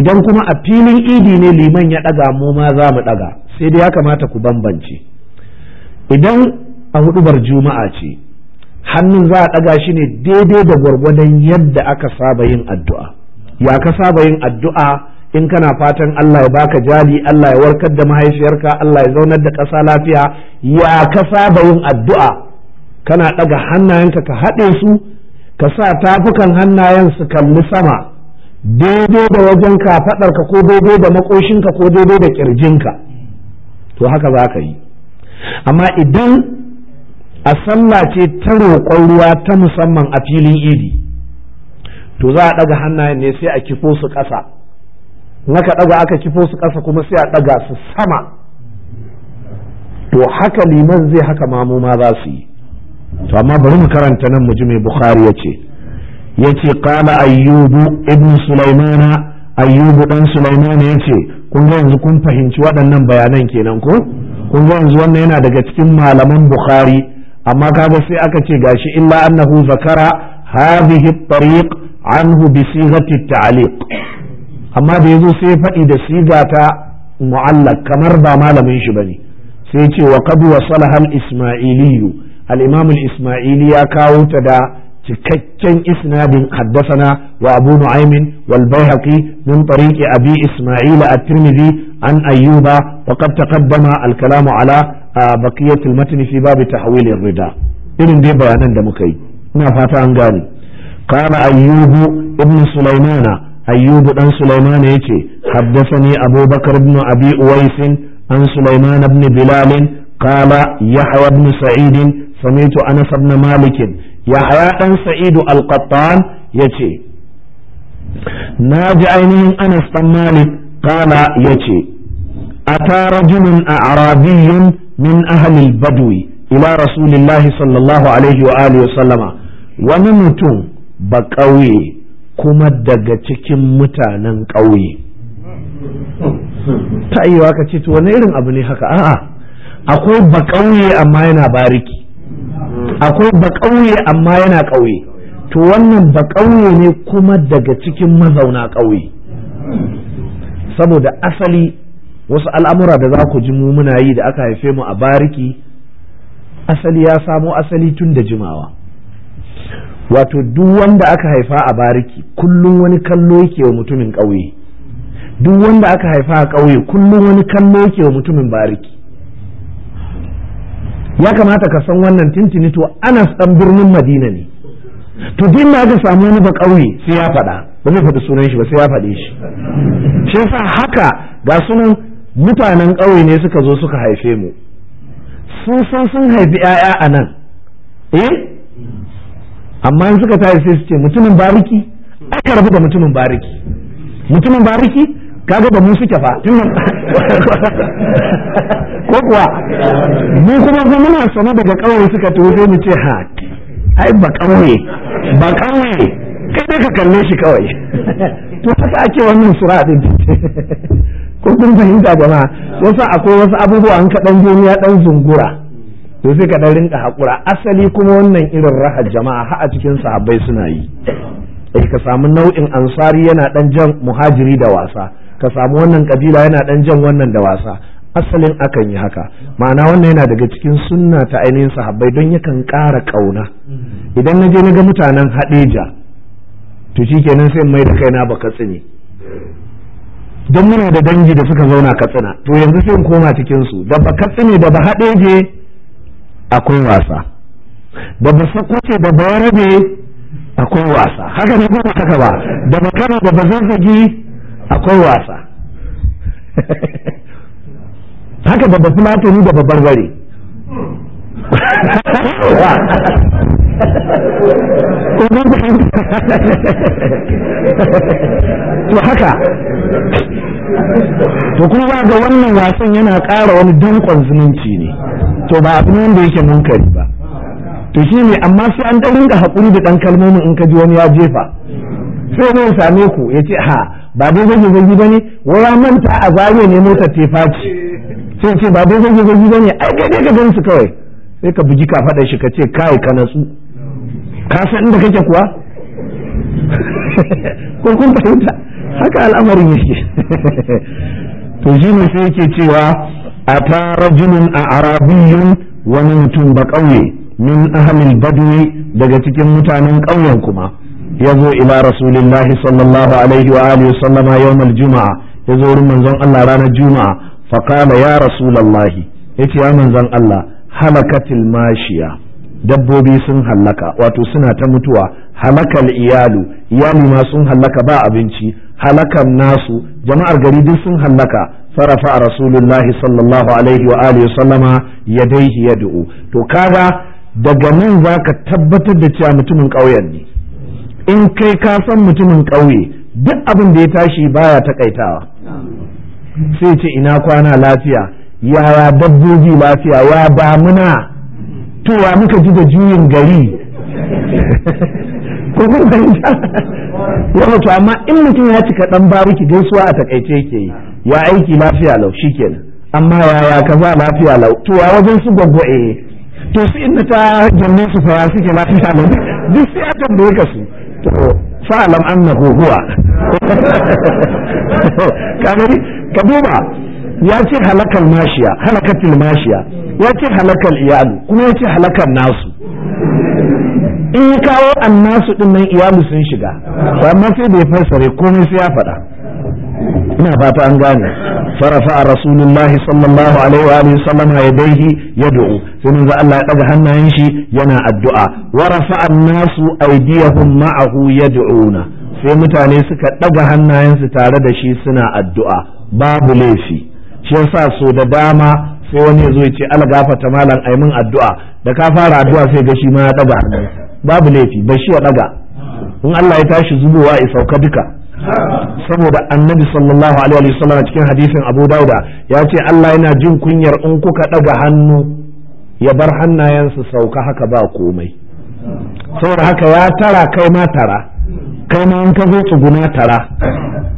idan kuma a filin idi ne liman ya daga mu ma za mu daga sai dai ya kamata ku bambance idan a huɗubar juma'a ce hannun za a daga shi ne daidai da gwargwadon yadda aka saba yin addu'a ya ka saba yin addu'a in kana fatan Allah ya baka jari, Allah ya warkar da mahaifiyarka Allah ya zaunar da ƙasa lafiya ya ka saba yin addu'a kana ɗaga hannayenka ka haɗe su ka sa tafukan hannayen su kalli sama daidai da wajen kafaɗarka ko daidai da makoshinka ko daidai da ƙirjinka to haka za ka yi amma idan a sallah ce ta roƙon ruwa ta musamman a filin idi to za a ɗaga hannayen ne sai a kifo su ƙasa naka ɗaga aka kifo su ƙasa kuma sai a ɗaga su sama to haka liman zai haka ma za su yi to amma bari mu karanta nan mu ji mai bukhari ya ce ya ce ƙala ayyubu ibn sulaimana ayyubu ɗan sulaimana ya ce kun ga yanzu kun fahimci waɗannan bayanan kenan ko kun ga yanzu wannan yana daga cikin malaman bukhari amma kaga sai aka ce gashi illa annahu zakara hadhihi at-tariq anhu bi sighati at-ta'liq amma da ya zo sai faɗi da siga ta mu'allak kamar ba malamin shi bane sai ce wa qad wasalaha al-isma'iliyu al-imam al-isma'ili ya kawo ta da cikakken isnadin haddasana wa abu nu'aymin wal bayhaqi min tariqi abi isma'il at-tirmidhi an ayyuba wa qad taqaddama al-kalam ala baqiyat al-matn fi bab tahwil ar-rida irin dai bayanan da muka yi ina fata an gane قال ayyubu ابن سليمان ayyubu dan sulaiman yace haddathani abubakar ibn abi uwais an sulaiman ibn bilal qala yahya ibn sa'id sami'tu anas ibn malik yahya dan sa'id al-qattan yace naji ainihin anas dan malik qala yace ata rajulun a'rabiyyun min ahli al-badwi ila rasulillahi sallallahu alaihi wa alihi wani mutum ba ƙauye kuma daga cikin mutanen ƙauye ta yi ka ce to wani irin abu ne haka a'a akwai ba ƙauye amma yana bariki akwai ba ƙauye amma yana ƙauye to wannan ba ƙauye ne kuma daga cikin mazauna ƙauye saboda asali wasu al'amura da za ku ji mu muna yi da aka haife mu a bariki asali ya samo asali tun da jimawa wato duk wanda aka haifa a bariki kullum wani kallo yake wa mutumin ƙauye duk wanda aka haifa a ƙauye kullum wani kallo yake wa mutumin bariki ya kamata ka san wannan tintini to ana ɗan birnin madina ne to din da aka samu wani ba ƙauye sai ya faɗa ba zai faɗi sunan shi ba sai ya faɗe shi shi yasa haka ga sunan mutanen ƙauye ne suka zo suka haife mu sun san sun haifi 'ya'ya a nan eh amma in suka tashi sai su ce mutumin bariki aka rabu da mutumin bariki mutumin bariki kaga ba mu suke fa *laughs* ko kuwa mu kuma ga muna sanar daga kawai suka tuwo sai mu ce ha ai ba kawai ba kawai kai ka kalle shi kawai *laughs* to haka ake wannan sura din *laughs* ko kun fahimta jama'a yasa akwai wasu abubuwa an ka dan duniya dan zungura to sai ka dan rinka hakura asali kuma wannan irin raha jama'a ha a cikin sahabbai suna yi eh, ka samu nau'in ansari yana dan jan muhajiri da wasa ka samu wannan kabila yana dan jan wannan da wasa asalin akan yi haka ma'ana wannan yana daga cikin sunna ta ainihin sahabbai don yakan ƙara ƙauna idan na je na ga mutanen haɗeja to shi kenan sai mai da kaina ba katsine don muna da dangi da suka zauna katsina to yanzu sai koma cikin su da ba katsine da ba haɗeje akwai wasa da ba sakwace da ba bayarabe akwai wasa haka ne kuma haka ba da makana da bazazzagi akwai wasa *laughs* haka da ba fulatani da babbar bare *laughs* to haka to kuma ga wannan wasan yana ƙara wani dankon zumunci ne to ba abu da yake munkari ba to shi ne amma sai an ɗaurin da haƙuri da ɗan kalmomin in ka ji wani ya jefa sai zai same ku ya ce ha ba dai zage zage ba ne waya manta a zare ne mota tefa ce sai ce ba dai zage zage ba ne ai gaje gajen su kawai sai ka bugi ka faɗa shi ka ce kai ka natsu ka san inda kake kuwa *laughs* kun fahimta haka al'amarin yake *laughs* to shi ne sai yake cewa a tara jinin a arabiyun wani mutum ba ƙauye min ahalin badwi daga cikin mutanen ƙauyen kuma ya zo ila rasulillahi sallallahu alaihi wa alihi sallama yawmal juma'a ya zo wurin manzon Allah ranar juma'a faqala ya ya ce ya manzon Allah halakatil mashiya dabbobi sun hallaka wato suna ta mutuwa halakal iyalu iyali ma sun hallaka ba abinci halakan nasu jama'ar gari duk sun hallaka farafa a rasulullahi sallallahu alaihi wa alihi sallama ya yadaihi du'u to kaga daga nan za ka tabbatar da cewa mutumin ƙauyen ne in kai ka san mutumin ƙauye duk abin da ya tashi baya takaitawa sai ce ina kwana lafiya yaya dabbobi lafiya ya damuna to wa muka ji da juyin gari ko kun ta? ya mutu amma in mutum ya cika dan baruki gaisuwa a takaice yake yi ya aiki lafiya lau shikenan amma ka kaza lafiya lau to wa wajen su gwaggo e? Eh. to su inda ta jamme su fara suke lafiya lau duk sai ya tambaye ka su to fa'alam annahu huwa *laughs* kamar ka duba ya ce halakar mashiya halakatil mashiya ya ce halakar iyalu kuma ya ce halakar nasu in ya kawo annasu din nan iyalu sun shiga ba amma sai bai fassare komai sai ya faɗa ina fata an gane Farafa alaihi رسول الله صلى ya عليه وآله وسلم يديه يدعو Allah ya daga hannayen shi yana addu'a ورفع ma'ahu ya معه na sai mutane suka daga hannayensu tare da shi suna addu'a babu laifi shi yasa so da dama sai wani ya zo ya ce ala gafata malam ai min addu'a da ka fara addu'a sai ga shi ma ya daga babu laifi ba shi ya daga in Allah ya tashi zubowa ya sauka duka saboda annabi sallallahu alaihi wasallam cikin hadisin Abu Dauda ya ce Allah yana jin kunyar in kuka daga hannu ya bar hannayensu sauka haka ba komai saboda haka ya tara kai ma tara kai ma an ka zo tsuguna tara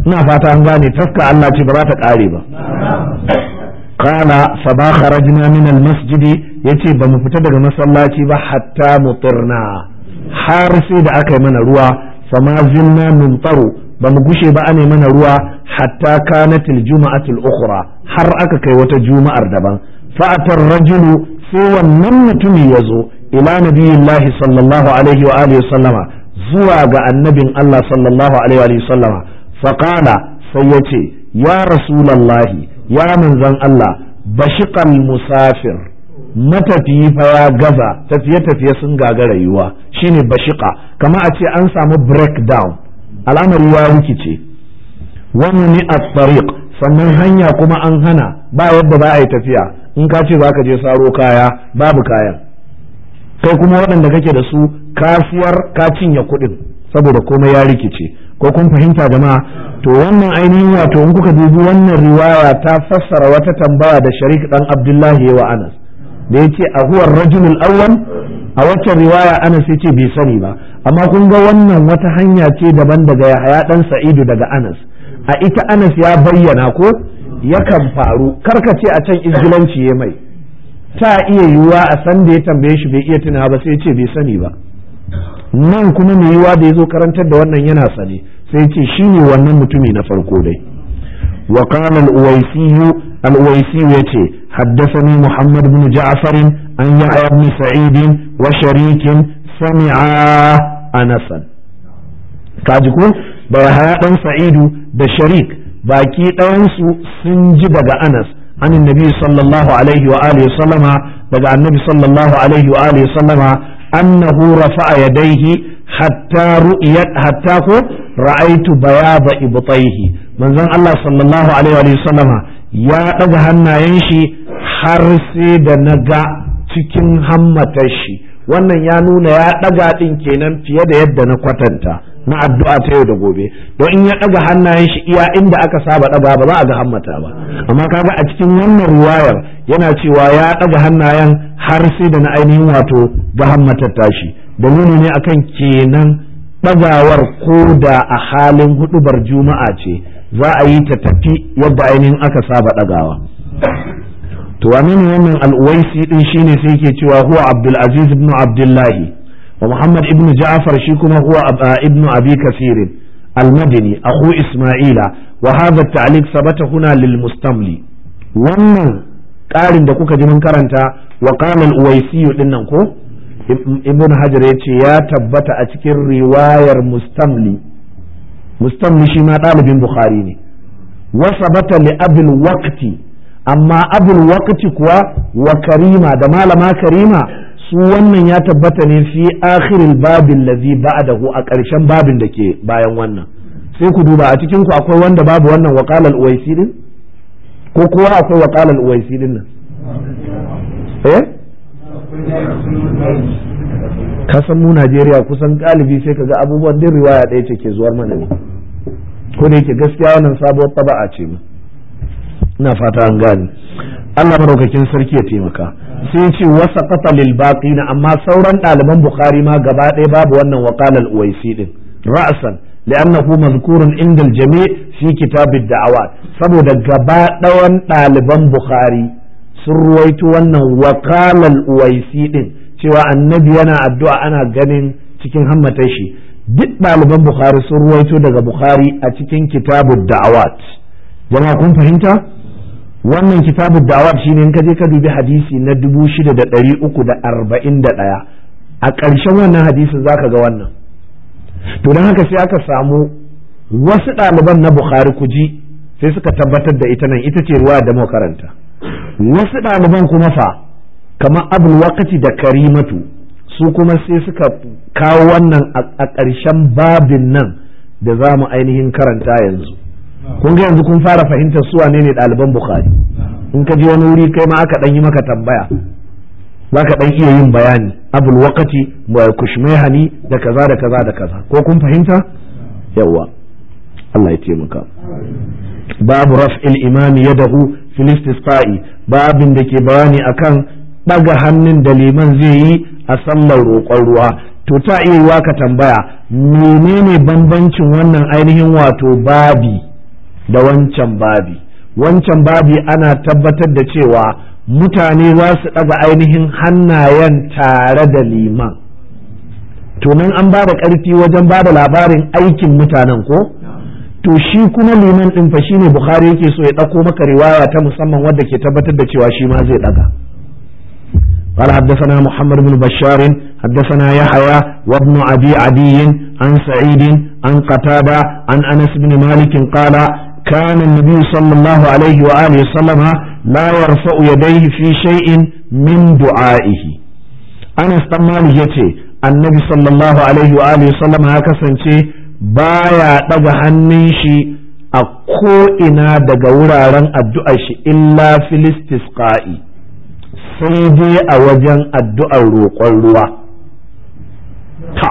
ina fata an gane taska Allah ce ba za ta kare ba kana fa kharajna min al masjidi yace ba mu fita daga masallaci ba hatta mutirna har sai da aka yi mana ruwa fama zinna min tsaro ba mu gushe ba ane mana ruwa hatta kanatil juma'atul ukhra har aka kai wata juma'ar daban atar rajulu sai wannan mutumi ya zo ila nabiyillahi sallallahu alaihi wa alihi sallama zuwa ga annabin Allah sallallahu alaihi wa sallama faqala sai yace ya rasulullahi ya manzon Allah bashiqal musafir matafiyi fa ya gaza tafiye tafiye sun gaga rayuwa shine bashiqa kama a ce an samu breakdown al'amari ya rikice wani a tsariq sannan hanya kuma an hana ba yadda ba a yi tafiya in ka ce za ka je saro kaya babu kayan kai kuma waɗanda kake da su kasuwar ka cinye kuɗin saboda komai ya rikice ko kun fahimta jama'a to wannan ainihin wato in kuka dubi wannan riwaya ta fassara wata tambaya da sharik dan abdullahi wa anas da yace a huwa rajulul awwal a wata riwaya anas ya ce bai sani ba amma kun ga wannan wata hanya ce daban daga yahaya dan sa'idu daga anas a ita anas ya bayyana ko yakan faru karka ce a can izgilanci ya mai ta iya yiwuwa a san da ya tambaye shi bai iya tunawa ba sai ce bai sani ba nan kuma mai yiwa da ya zo karantar da wannan yana sane sai ce shi ne wannan mutumi na farko dai wa al'uwaisiyu ya ce haddasa haddathani muhammad bin ja'far an ya'ya ibn sa'id wa sharikin sami'a anasan kaji ko bai haya dan sa'idu da sharik baki ɗansu sun ji daga anas عن sallallahu alaihi wa عليه wa daga annabi sallallahu alaihi wa sallama annahu rafa'a yadayhi hatta ru'yat hatta ko ra'aitu bayaba ibtayhi manzon Allah sallallahu alaihi wa sallama ya daga hannayen shi har sai da na ga cikin hammatar shi wannan ya nuna ya ɗaga ɗin kenan fiye da yadda na kwatanta na addu'a ta yau da gobe don in ya ɗaga hannayen shi iya inda aka saba ɗaga ba za a ga hammata ba amma kaga a cikin wannan ruwayar yana cewa ya ɗaga hannayen har sai da na ainihin wato ga hammata tashi dalili ne akan kenan ɗagawar ko da a halin hudubar juma'a ce za a yi ta tafi yadda ainihin aka saba ɗagawa to wannan ne wannan al'uwaisi din shine sai yake cewa huwa abdul aziz ibn abdullahi wa muhammad ibn ja'far shi kuma huwa a Ibnu Abikasirin, al-madini akhu isma'ila wa hadha at-ta'liq sabata huna mustamli wannan ƙarin da kuka ji mun karanta wa qala al-uwaisi ko ibn hajar ya ce ya tabbata a cikin riwayar mustamli mustamli shi ɗalibin bukhari ne wasabata li abul waqti amma abul waqti kuwa wa karima da malama karima su wannan ya tabbata ne fi akhirin babin lazi ba'dahu a ƙarshen babin da ke bayan wannan sai ku duba a cikin ku akwai wanda babu wannan waqalal uwaisi din ko kowa akwai waqalal uwaisi din nan eh ka san mu Najeriya kusan galibi sai ka ga abubuwan din riwaya ɗaya ce ke zuwar mana ne ko da ke gaskiya wannan sabuwar taba'a ce mu ina fata an gane Allah maraukakin sarki ya taimaka sai ce wasa kafa lil na amma sauran ɗaliban bukhari ma gaba ɗaya babu wannan wakalar uwaisi ɗin ra'asan li'annahu mazkurun inda jami fi kitab ad saboda gaba ɗawan ɗaliban bukhari sun ruwaito wannan wakalar uwaisi ɗin, cewa annabi yana addu'a ana ganin cikin hammatar shi duk ɗaliban bukhari sun ruwaito daga bukhari a cikin kitabud da'awat jama'a kun fahimta wannan kitabu dawab shine in ka je ka dubi hadisi na dubu da da da arba'in 6341 a ƙarshen wannan hadisin zaka ga wannan to don haka sai aka samu wasu ɗaliban na bukhari ku sai suka tabbatar da ita nan ita ce ruwa da mu karanta wasu ɗaliban kuma fa kamar abul wakati da karimatu su kuma sai suka kawo wannan a ƙarshen babin nan da za mu ainihin karanta yanzu kun ga yanzu kun fara fahimtar su wane ne ɗaliban bukari in ka je wani wuri kai ma aka ɗan yi maka tambaya za ka ɗan iya yin bayani abul wakati hani da kaza da kaza da kaza ko kun fahimta yawwa Allah ya taimaka babu raf'il imami dahu filistis fa'i babin da ke bayani akan ɗaga hannun da liman zai yi a sallar roƙon ruwa to ta iya ka tambaya menene bambancin wannan ainihin wato babi da wancan babi wancan babi ana tabbatar da cewa mutane za su ɗaga ainihin hannayen tare da liman tunan an ba da ƙarfi wajen ba da labarin aikin mutanen ko to shi kuma liman ɗin fa ne bukhari yake so ya ɗauko maka riwaya ta musamman wadda ke tabbatar da cewa shi ma zai ɗaga قال حدثنا محمد بن بشار حدثنا يحيى وابن أبي عدي عن سعيد عن قتادة عن أنس بن مالك قال كان النبي صلى الله عليه وآله وسلم لا يرفع يديه في شيء من دعائه أنا استمال يتي النبي صلى الله عليه وآله وسلم هكذا baya ɗaga hannun shi a ko'ina daga wuraren addu'ar shi illa filistisqa'i sai dai a wajen addu'ar roƙon ruwa ta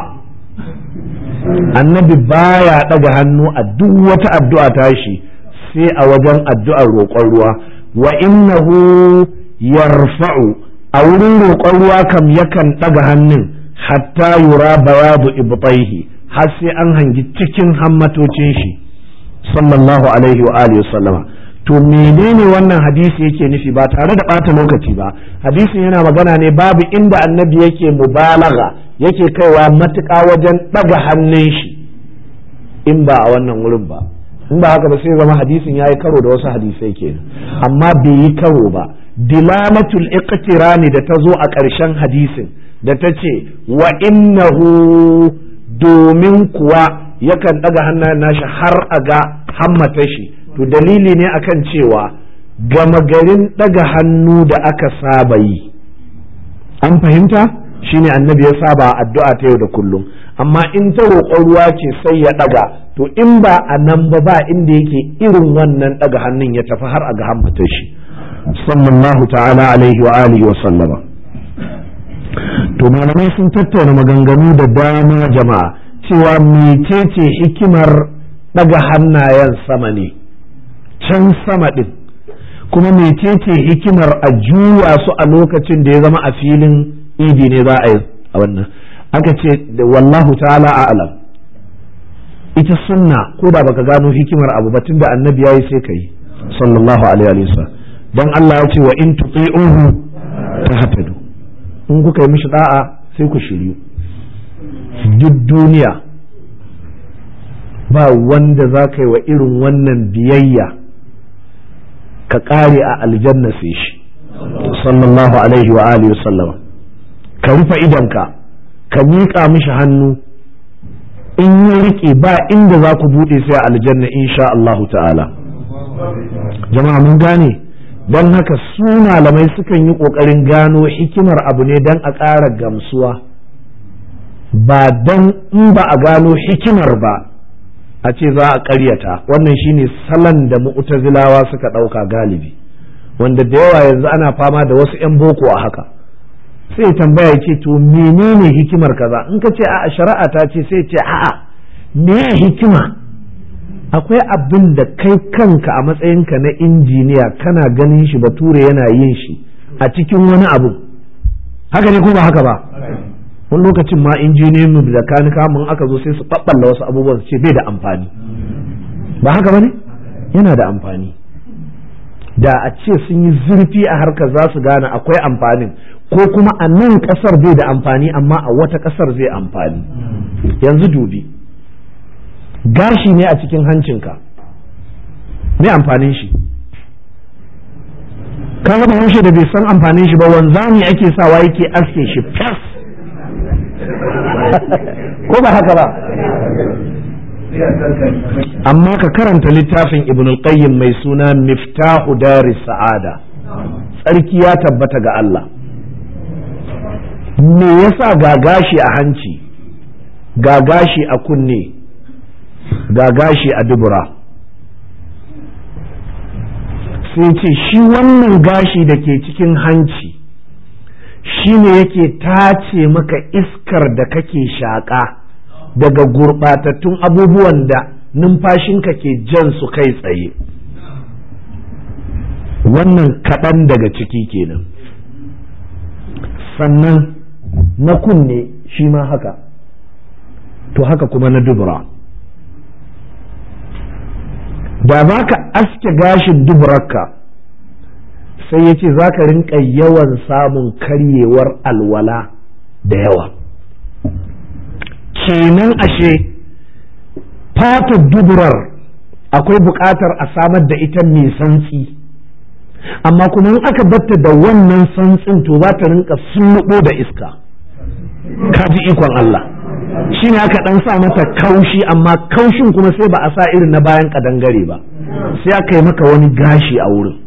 annabi baya ɗaga hannu a duk wata addu'a tashi sai a wajen addu'ar roƙon ruwa wa innahu yarfa'u a wurin roƙon ruwa kam yakan ɗaga hannun hatta yura bayadu ibtaihi har sai an hangi cikin hammatocin shi sallallahu alaihi wa alihi sallama to menene wannan hadisi yake nufi ba tare da ɓata lokaci ba hadisin yana magana ne babu inda annabi yake mubalaga yake kaiwa matuƙa wajen ɗaga hannun shi in ba a wannan wurin ba in ba haka ba sai zama hadisin ya yi karo da wasu hadisai kenan amma bai yi karo ba dilamatul iqtirani da ta zo a ƙarshen hadisin da ta ce wa innahu domin kuwa yakan ɗaga hannayen nashi har a ga hammata shi to dalili ne akan cewa gama garin ɗaga hannu da aka saba yi an fahimta shine annabi ya saba addu'a ta yau da kullum amma in ta roƙon ruwa ce sai ya ɗaga to in ba a nan ba ba inda yake irin wannan daga hannun ya tafi har a ga hammata shi sallallahu ta'ala alaihi wa alihi wa sallama to malamai sun tattauna maganganu da dama jama'a cewa mecece hikimar daga hannayen sama ne can sama din kuma mecece hikimar a juya su a lokacin da ya zama a filin idi ne za a yi a wannan aka ce wallahu ta'ala a'lam ita sunna ko da baka gano hikimar abu ba tunda annabi yayi sai kai sallallahu alaihi wa sallam dan Allah ya ce wa in tuti'uhu tahtadu in kuka yi mishi da'a sai ku shiryu duk duniya ba wanda za ka wa irin wannan biyayya ka kare a aljanna sai shi sallallahu alaihi wa alihi sallam ka rufe idanka ka miƙa mishi hannu in yi riƙe ba inda za ku buɗe sai a aljanna in sha Allahu ta'ala jama'a mun gane don haka su malamai sukan yi ƙoƙarin gano hikimar abu ne don a ƙara gamsuwa ba don in ba a gano hikimar ba a ce za a ƙaryata wannan shine salon da mu'tazilawa suka ɗauka galibi wanda da yawa yanzu ana fama da wasu 'yan boko a haka sai tambaya ce to menene hikimar kaza in ka ce a shari'a ta ce sai ce a'a me hikima akwai abin da kai kanka a matsayinka na injiniya kana ganin shi bature yana yin shi a cikin wani abu haka ne ko ba haka ba wani lokacin ma injiniyan mu da kanika mun aka zo sai su babballa wasu abubuwan su ce bai da amfani ba haka bane yana da amfani da a ce sun yi zurfi a harkar za su gane akwai amfanin ko kuma a nan ƙasar bai da amfani amma a wata kasar zai amfani yanzu dubi gashi ne a cikin hancinka me amfanin shi ka ga haushe da bai san amfanin shi ba wanzami ake sawa yake aske shi fas ko ba haka ba amma ka karanta littafin ibn al mai suna miftahu daris sa'ada tsarki ya tabbata ga Allah me yasa gagashi a hanci gagashi a kunne gagashi a dubura sai ce shi wannan gashi da ke cikin hanci shi ne yake tace maka iskar da kake shaƙa daga gurɓatattun abubuwan da numfashinka ke jan su kai tsaye wannan kaɗan daga ciki kenan sannan na kunne shi ma haka to haka kuma na dubura da ba ka aske gashin duburarka sai ya ce za ka rinka yawan samun karyewar alwala da yawa kenan ashe fatar duburar akwai buƙatar a samar da ita mai santsi amma kuma in aka batta da wannan santsin to za ta rinka sunnuɓo da iska ka ji ikon Allah shi ne aka ɗan sa mata kaushi amma kaushin kuma sai ba a sa irin na bayan ƙadangare ba sai aka yi maka wani gashi a wurin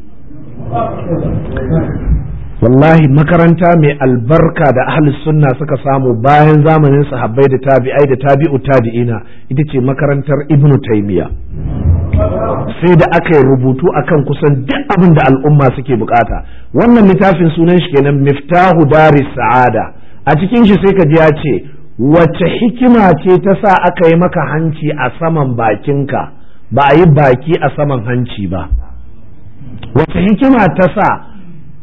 wallahi makaranta mai albarka da ahli sunna suka samu bayan zamanin sahabbai da tabi'ai da tabi'u tabi'ina ita ce makarantar ibnu taymiya sai da aka yi rubutu akan kusan duk abin da al'umma suke bukata wannan littafin sunan shi kenan miftahu daris sa'ada a cikin shi sai ka ji ya ce wace hikima ce ta sa aka yi maka hanci a saman bakinka ba a yi baki a saman hanci ba wace hikima ta sa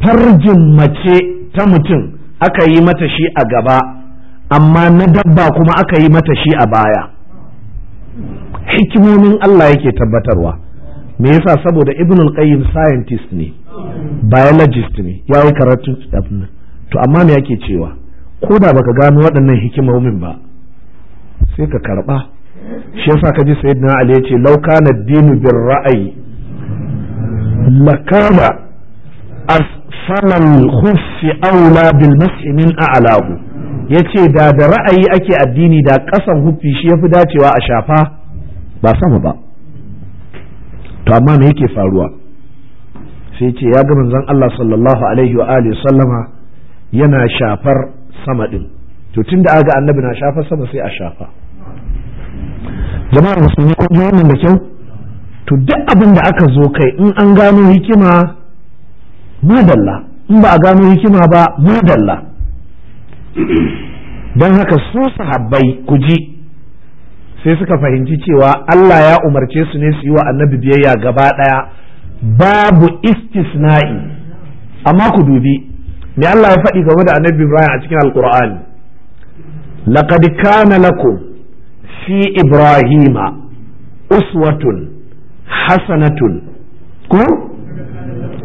farjin mace ta mutum aka yi mata shi a gaba amma na dabba kuma aka yi mata shi a baya hikimomin Allah yake tabbatarwa me yasa saboda ibn al-qayyim scientist ne biologist ne ya karatu to amma me yake cewa ko da baka gano waɗannan hikimomin ba sai ka karɓa shi yasa ka ji sayyidina ali yace lauka na kana dinu bir ra'ayi lakana asfalan khuffi aula bil mas'i a'lahu yace da da ra'ayi ake addini da ƙasan hufi shi yafi dacewa a shafa ba sama ba to amma me yake faruwa sai ce ya ga manzon Allah sallallahu alaihi wa alihi sallama yana shafar sama din to tun da aga annabi na shafa sama sai a shafa jama'a musulmi ko ji wannan da kyau to duk abin da aka zo kai in an gano hikima madalla in ba a gano hikima ba madalla don haka su sahabbai ku ji sai suka fahimci cewa Allah ya umarce su ne su yi wa annabi biyayya gaba ɗaya babu istisna'i amma ku dubi me Allah ya faɗi game da annabi Ibrahim a cikin alkur'ani laqad kana lakum fi ibrahima uswatun hasanatun ko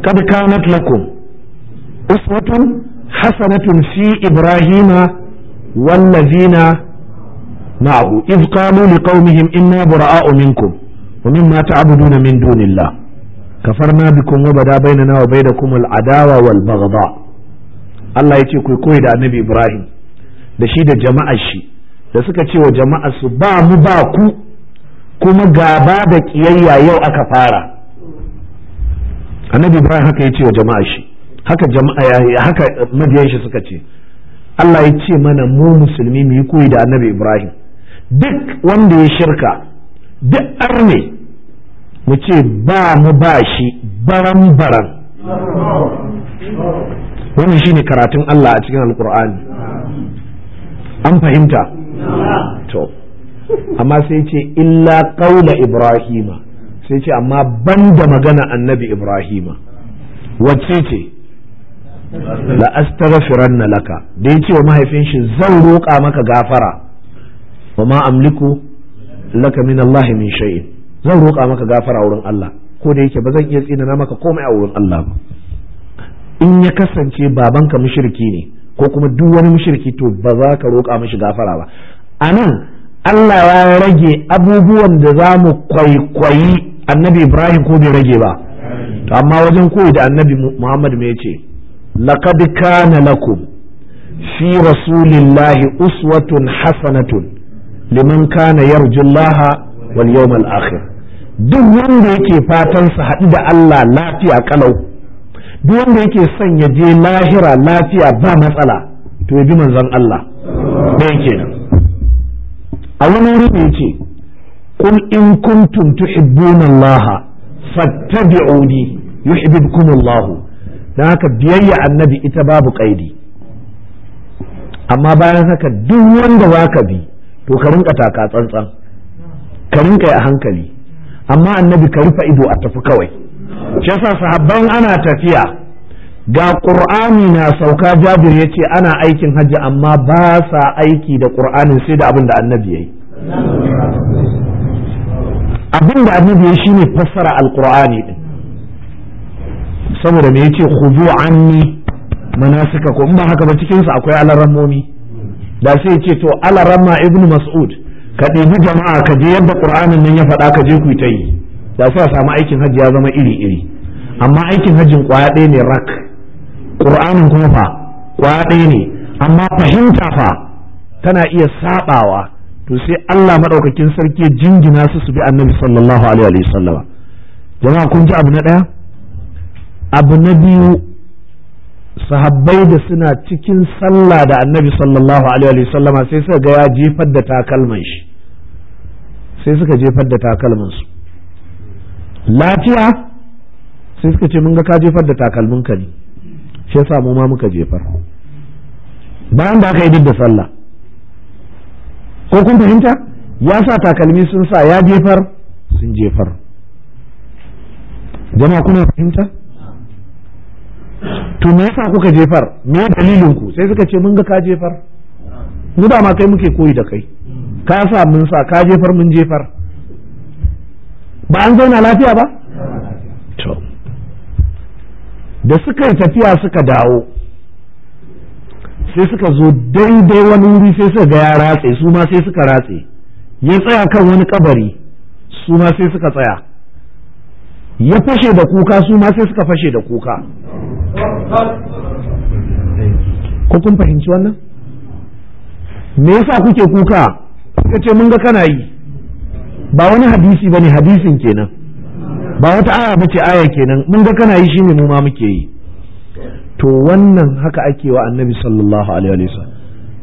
kad kanat lakum uswatun hasanatun fi ibrahima wallazina معه إذ قالوا لقومهم إنا براء منكم ومما تعبدون من دون الله كفرنا بكم وبدا بيننا وبينكم العداوة والبغضاء Allah ya ce ku koyi da annabi Ibrahim da shi da jama'ar shi da suka ce wa jama'ar su ba mu ba ku kuma gaba da kiyayya yau aka fara annabi Ibrahim haka ya ce wa jama'ar shi haka jama'a haka mabiyan shi suka ce Allah ya ce mana mu musulmi mu yi koyi da annabi Ibrahim duk wanda ya shirka duk arne mu ce ba mu ba shi baran baran wannan shine karatun Allah a cikin alkur'ani an fahimta to amma sai ce illa ƙaula ibrahima sai ce amma banda magana annabi ibrahima wacce ce la astaghfiranna laka da yace wa mahaifin shi zan roƙa maka gafara wa ma amliku laka min Allah min shay'in zan roƙa maka gafara wurin Allah ko da yake ba zan iya tsinana maka komai a wurin Allah ba in ya kasance babanka mushriki ne ko kuma duk wani mushriki to ba za ka roƙa mishi gafara ba anan Allah ya rage abubuwan da za mu kwaikwayi annabi Ibrahim ko bai rage ba to amma wajen koyi da annabi Muhammad me yace laqad kana lakum fi rasulillahi uswatun hasanatun liman kana yarjullaha wal yawmal akhir duk wanda yake fatan sa haɗu da Allah lafiya kalau duk wanda yake son ya je lahira lafiya ba matsala to yabi bi manzon Allah yake nan a wani wuri ne yace kun in kuntum tuhibbuna Allah fattabi'uni yuhibbukum Allah dan haka biyayya annabi ita babu kaidi amma bayan haka duk wanda zaka bi to ka rinka taka tsantsan ka rinka yi a hankali amma annabi ka rufe ido a tafi kawai shi yasa sahabban ana tafiya ga qur'ani na sauka jabir yace ana aikin hajji amma ba sa aiki da qur'anin sai da abin da annabi yayi abin annabi yayi shine fassara alqur'ani din saboda me yace khudu anni manasika ko in ba haka ba cikin su akwai alarammomi da sai yace to alarama ibnu mas'ud ka ɗebi jama'a ka je yadda ƙur'anin nan ya faɗa ka je ku ta yi da su a samu aikin hajji ya zama iri iri amma aikin hajjin ƙwaya ɗaya ne rak ƙur'anin kuma fa ƙwaya ɗaya ne amma fahimta fa tana iya saɓawa to sai Allah maɗaukakin sarki ya jingina su su bi annabi sallallahu alaihi wa sallama jama'a kun ji abu na ɗaya abu na biyu sahabbai da suna cikin sallah da annabi sallallahu alaihi wa sallama sai suka ga ya jefar da takalman shi sai suka jefar da takalman su lafiya sai suka ce mun ga ka jefar da takalmin ka ne shi yasa mu ma muka jefar bayan da aka yi duk da sallah ko kun fahimta ya sa takalmi sun sa ya jefar sun jefar jama'a kuna fahimta to me yasa kuka jefar me dalilin ku sai suka ce mun ga ka jefar mu ba ma kai muke koyi da kai ka sa mun sa ka jefar mun jefar ba an zauna lafiya ba to da suka tafiya suka dawo sai suka zo daidai wani wuri sai suka ga ya ratse su ma sai suka ratse ya tsaya kan wani kabari su ma sai suka tsaya ya fashe da kuka su ma sai suka fashe da kuka ko kun fahimci wannan me yasa kuke kuka suka ce mun ga kana yi ba wani hadisi bane hadisin kenan ba wata aya bace aya kenan mun ga kana yi shine mu ma muke yi to wannan haka ake wa annabi sallallahu alaihi wasallam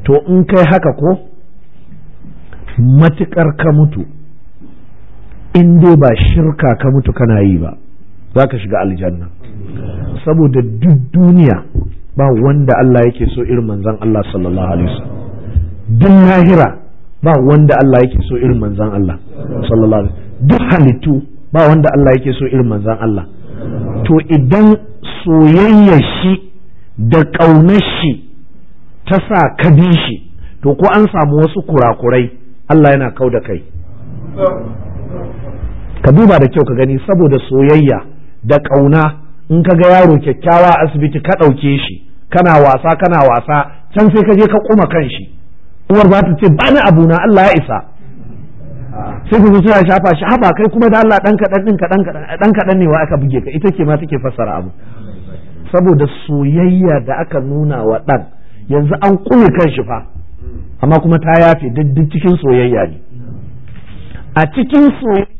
to in kai haka ko matukar ka mutu in dai ba shirka ka mutu kana yi ba za ka shiga aljanna saboda duk duniya ba wanda Allah yake so irin manzan Allah sallallahu alaihi wasallam duk lahira ba wanda Allah yake so irin manzan Allah sallallahu alaihi duk halittu ba wanda Allah yake so irin manzan Allah to idan soyayya shi da ƙaunar shi ta sa ka bi shi to ko an samu wasu kurakurai Allah yana kau da kai ka duba da kyau ka gani saboda soyayya da ƙauna in ka ga yaro kyakkyawa asibiti ka ɗauke shi kana wasa kana wasa can sai ka je ka kuma kan shi uwar ba ta ce ba ni abuna Allah ya isa sai ku suna shafa shi haba kai kuma da Allah ɗan kaɗan ɗin kaɗan ɗan kaɗan ne wa aka buge ka ita ke ma take fassara abu saboda soyayya da aka nuna wa ɗan yanzu an kume kan shi fa amma kuma ta yafe duk cikin soyayya ne 啊，这真是。